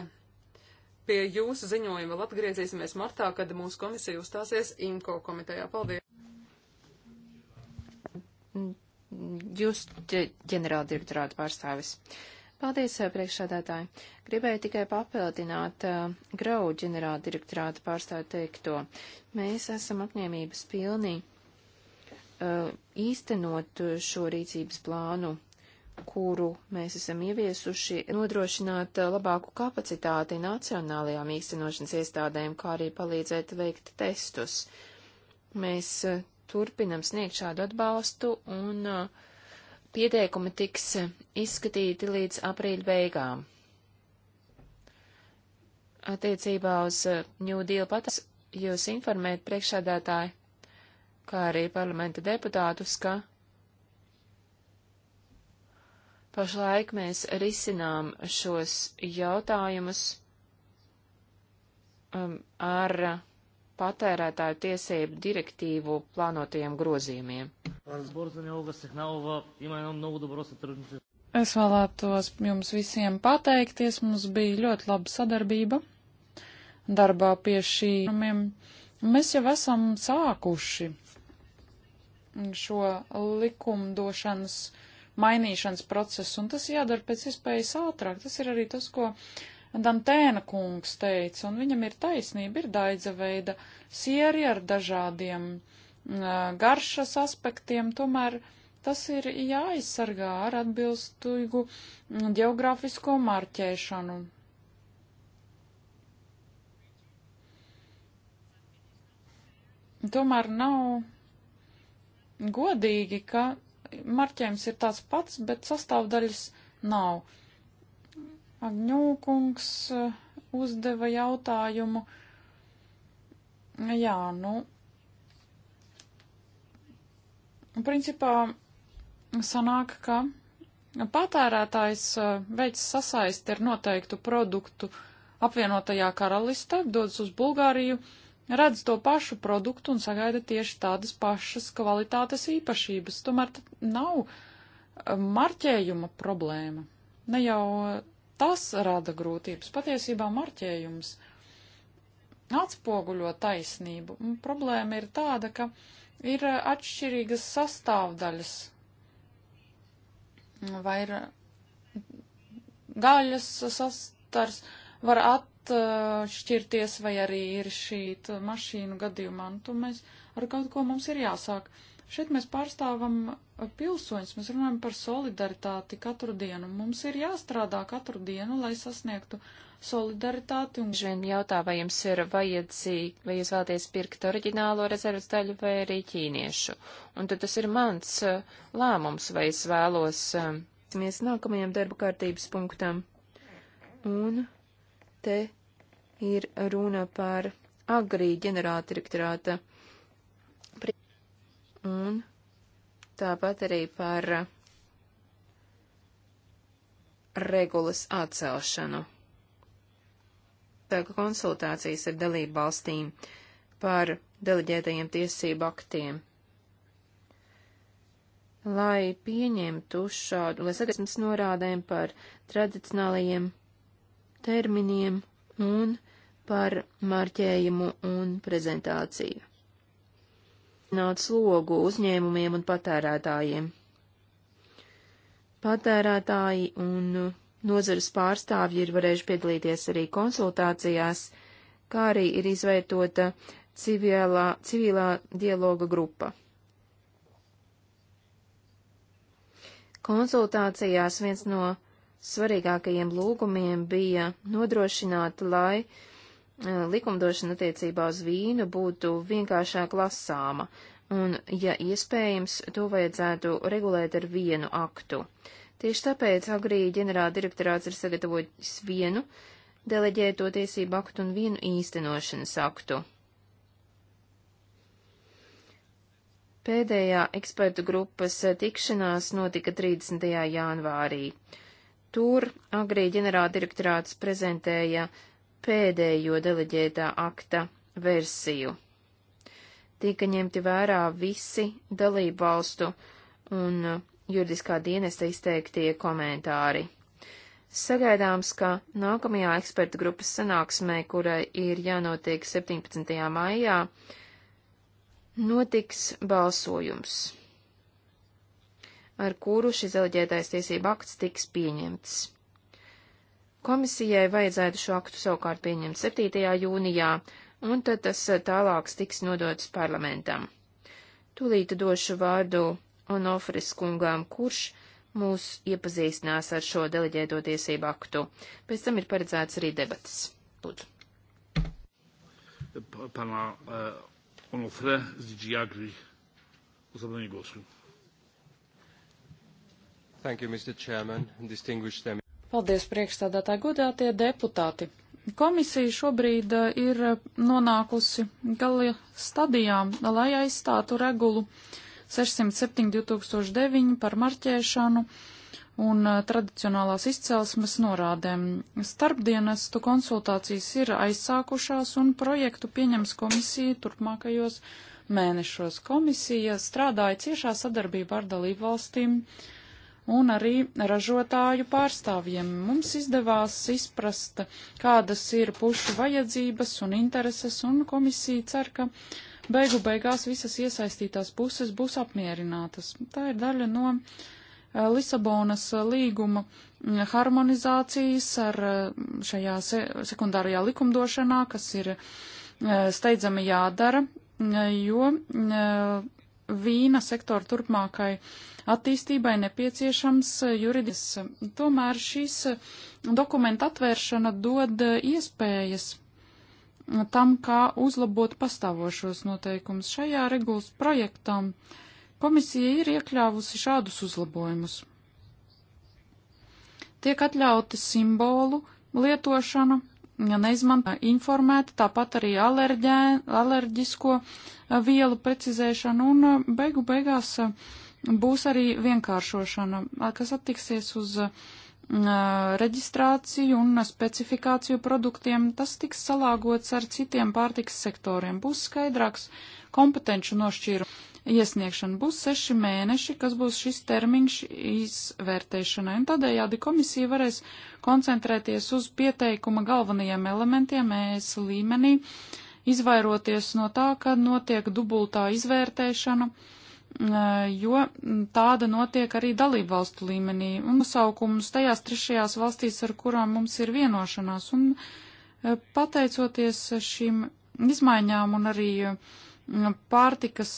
pie jūsu ziņojuma vēl atgriezīsimies martā, kad mūsu komisija uzstāsies IMCO komitejā. Paldies! Jūs ģenerāldirektorāta pārstāvis. Paldies, eh, priekšsādātāji. Gribēju tikai papildināt uh, Grau ģenerāla direktorāta pārstāvi teikto. Mēs esam apņēmības pilni uh, īstenot šo rīcības plānu kuru mēs esam ieviesuši, nodrošināt eh, labāku kapacitāti nacionālajām īstenošanas iestādēm, kā arī palīdzēt veikt testus. Mēs eh, turpinam sniegt šādu atbalstu un eh, pieteikumi tiks izskatīti līdz aprīļa beigām. Attiecībā uz New Deal patas jūs informēt priekšādātāju, kā arī parlamenta deputātus, ka Pašlaik mēs risinām šos jautājumus um, ar patērētāju tiesību direktīvu plānotajiem grozījumiem. Es vēlētos jums visiem pateikties, mums bija ļoti laba sadarbība darbā pie šīm. Mēs jau esam sākuši šo likumdošanas mainīšanas procesu, un tas jādara pēc iespējas ātrāk. Tas ir arī tas, ko Dantēna kungs teica, un viņam ir taisnība, ir daidza veida sieri ar dažādiem uh, garšas aspektiem, tomēr tas ir jāaizsargā ar atbilstīgu geogrāfisko marķēšanu. Tomēr nav godīgi, ka marķējums ir tāds pats, bet sastāvdaļas nav. Agņūkungs eh, uzdeva jautājumu. Jā, nu. Principā sanāk, ka patērētājs eh, veids sasaisti ar noteiktu produktu apvienotajā karalistē, dodas uz Bulgāriju, uh, redz to pašu produktu un sagaida tieši tādas pašas kvalitātes īpašības. Tomēr nav eh, marķējuma problēma. Ne jau eh, tas rada grūtības. Patiesībā marķējums atspoguļo taisnību. Un problēma ir tāda, ka ir eh, atšķirīgas sastāvdaļas vai ir gaļas sastars var at, atšķirties, uh, vai arī ir šī mašīnu gadījumā, nu, tur mēs ar kaut ko mums ir jāsāk. Šeit mēs pārstāvam uh, pilsoņus, mēs runājam par solidaritāti katru dienu. Mums ir jāstrādā katru dienu, lai sasniegtu solidaritāti. Un... Žvien jautā, vai jums ir vajadzīgi, vai jūs vēlaties pirkt oriģinālo rezerves daļu vai arī ķīniešu. Un tad tas ir mans uh, lēmums, vai es vēlos. Mēs nākamajam darba kārtības punktam. Un Te ir runa par agrī ģenerāldirektorāta un tāpat arī par regulas atcelšanu. Tā kā konsultācijas ar dalību valstīm par deleģētajiem tiesību aktiem. Lai pieņemtu šādu, lai sagatavotos norādēm par tradicionālajiem terminiem un par marķējumu un prezentāciju. Nāc logu uzņēmumiem un patērētājiem. Patērētāji un nozares pārstāvji ir varējuši piedalīties arī konsultācijās, kā arī ir izveidota civilā, civilā dialoga grupa. Konsultācijās viens no svarīgākajiem lūgumiem bija nodrošināt, lai eh, likumdošana attiecībā uz vīnu būtu vienkāršāk lasāma, un, ja iespējams, to vajadzētu regulēt ar vienu aktu. Tieši tāpēc agrī ģenerāla direktorāts ir sagatavojis vienu deleģēto tiesību aktu un vienu īstenošanas aktu. Pēdējā ekspertu grupas tikšanās notika 30. janvārī. Tur agrī ģenerāldirektorāts prezentēja pēdējo deleģētā akta versiju. Tika ņemti vērā visi dalībvalstu un juridiskā dienesta izteiktie komentāri. Sagaidāms, ka nākamajā eksperta grupas sanāksmē, kurai ir jānotiek 17. maijā, notiks balsojums ar kuru šis deleģētais tiesība akts tiks pieņemts. Komisijai vajadzētu šo aktu savukārt pieņemt 7. jūnijā, un tad tas eh, tālāks tiks nodots parlamentam. Tūlīt došu vārdu Onofris kungām, kurš mūs iepazīstinās ar šo deleģēto tiesību aktu. Pēc tam ir paredzēts arī debats. Lūdzu. Pana uh, Onofre z DG Agri. Zabranie głosu. Thank you, Mr. Chairman, distinguished them. Paldies, priekšstādātāji, godātie deputāti. Komisija šobrīd eh, ir eh, nonākusi gala stadijā, lai aizstātu regulu 607-2009 par marķēšanu un eh, tradicionālās izcelsmes norādēm. Starpdienestu konsultācijas ir aizsākušās un projektu pieņems komisija turpmākajos mēnešos. Komisija strādāja ciešā sadarbībā ar dalību valstīm un arī ražotāju pārstāvjiem. Mums izdevās izprast, kādas ir pušu vajadzības un intereses, un komisija cer, ka beigu beigās visas iesaistītās puses būs apmierinātas. Tā ir daļa no eh, Lisabonas līguma mm, harmonizācijas ar eh, šajā sekundārajā likumdošanā, kas ir eh, steidzami jādara, mm, jo mm, vīna sektora turpmākai attīstībai nepieciešams eh, juridis. Tomēr šīs eh, dokumenta atvēršana dod eh, iespējas tam, kā uzlabot pastāvošos noteikumus. Šajā regulas projektam komisija ir iekļāvusi šādus uzlabojumus. Tiek atļauti simbolu lietošana neizmanto informēti, tāpat arī alerģē, alerģisko vielu precizēšanu un beigu beigās būs arī vienkāršošana, kas attiksies uz reģistrāciju un specifikāciju produktiem, tas tiks salāgots ar citiem pārtiks sektoriem, būs skaidrāks kompetenču nošķīrums iesniegšanu. Būs seši mēneši, kas būs šis termiņš izvērtēšanai, un tādējādi komisija varēs koncentrēties uz pieteikuma galvenajiem elementiem ES līmenī, izvairoties no tā, ka notiek dubultā izvērtēšana, jo tāda notiek arī dalību valstu līmenī, un nosaukums tajās trešajās valstīs, ar kurām mums ir vienošanās, un pateicoties šīm izmaiņām un arī pārtikas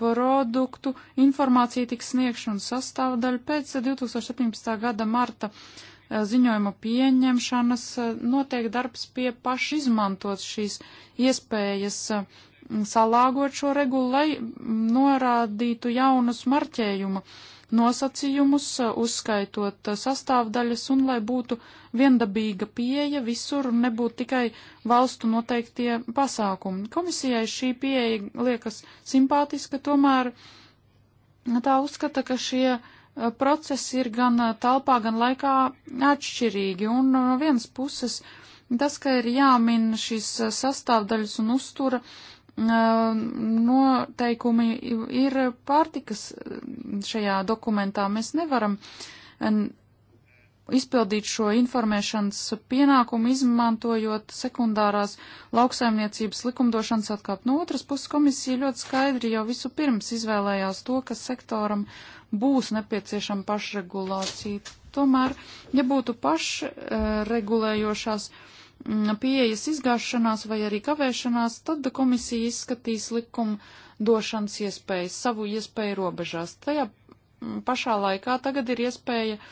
produktu informācija tiks sniegšana sastāvdaļa pēc 2017. Eh, gada marta eh, ziņojuma pieņemšanas eh, notiek darbs pie paši izmantot šīs iespējas salāgot šo regulu, lai mm, norādītu jaunus marķējumu nosacījumus, uzskaitot sastāvdaļas un lai būtu viendabīga pieeja visur un nebūtu tikai valstu noteiktie pasākumi. Komisijai šī pieeja liekas simpātiska, tomēr tā uzskata, ka šie procesi ir gan talpā, gan laikā atšķirīgi un no vienas puses tas, ka ir jāmin šīs sastāvdaļas un uztura noteikumi ir pārtikas šajā dokumentā. Mēs nevaram izpildīt šo informēšanas pienākumu, izmantojot sekundārās lauksaimniecības likumdošanas atkāp. No otras puses komisija ļoti skaidri jau visu pirms izvēlējās to, ka sektoram būs nepieciešama pašregulācija. Tomēr, ja būtu pašregulējošās uh, Mm, pieejas izgāšanās vai arī kavēšanās, tad komisija izskatīs likuma došanas iespējas savu iespēju robežās. Tajā mm, pašā laikā tagad ir iespēja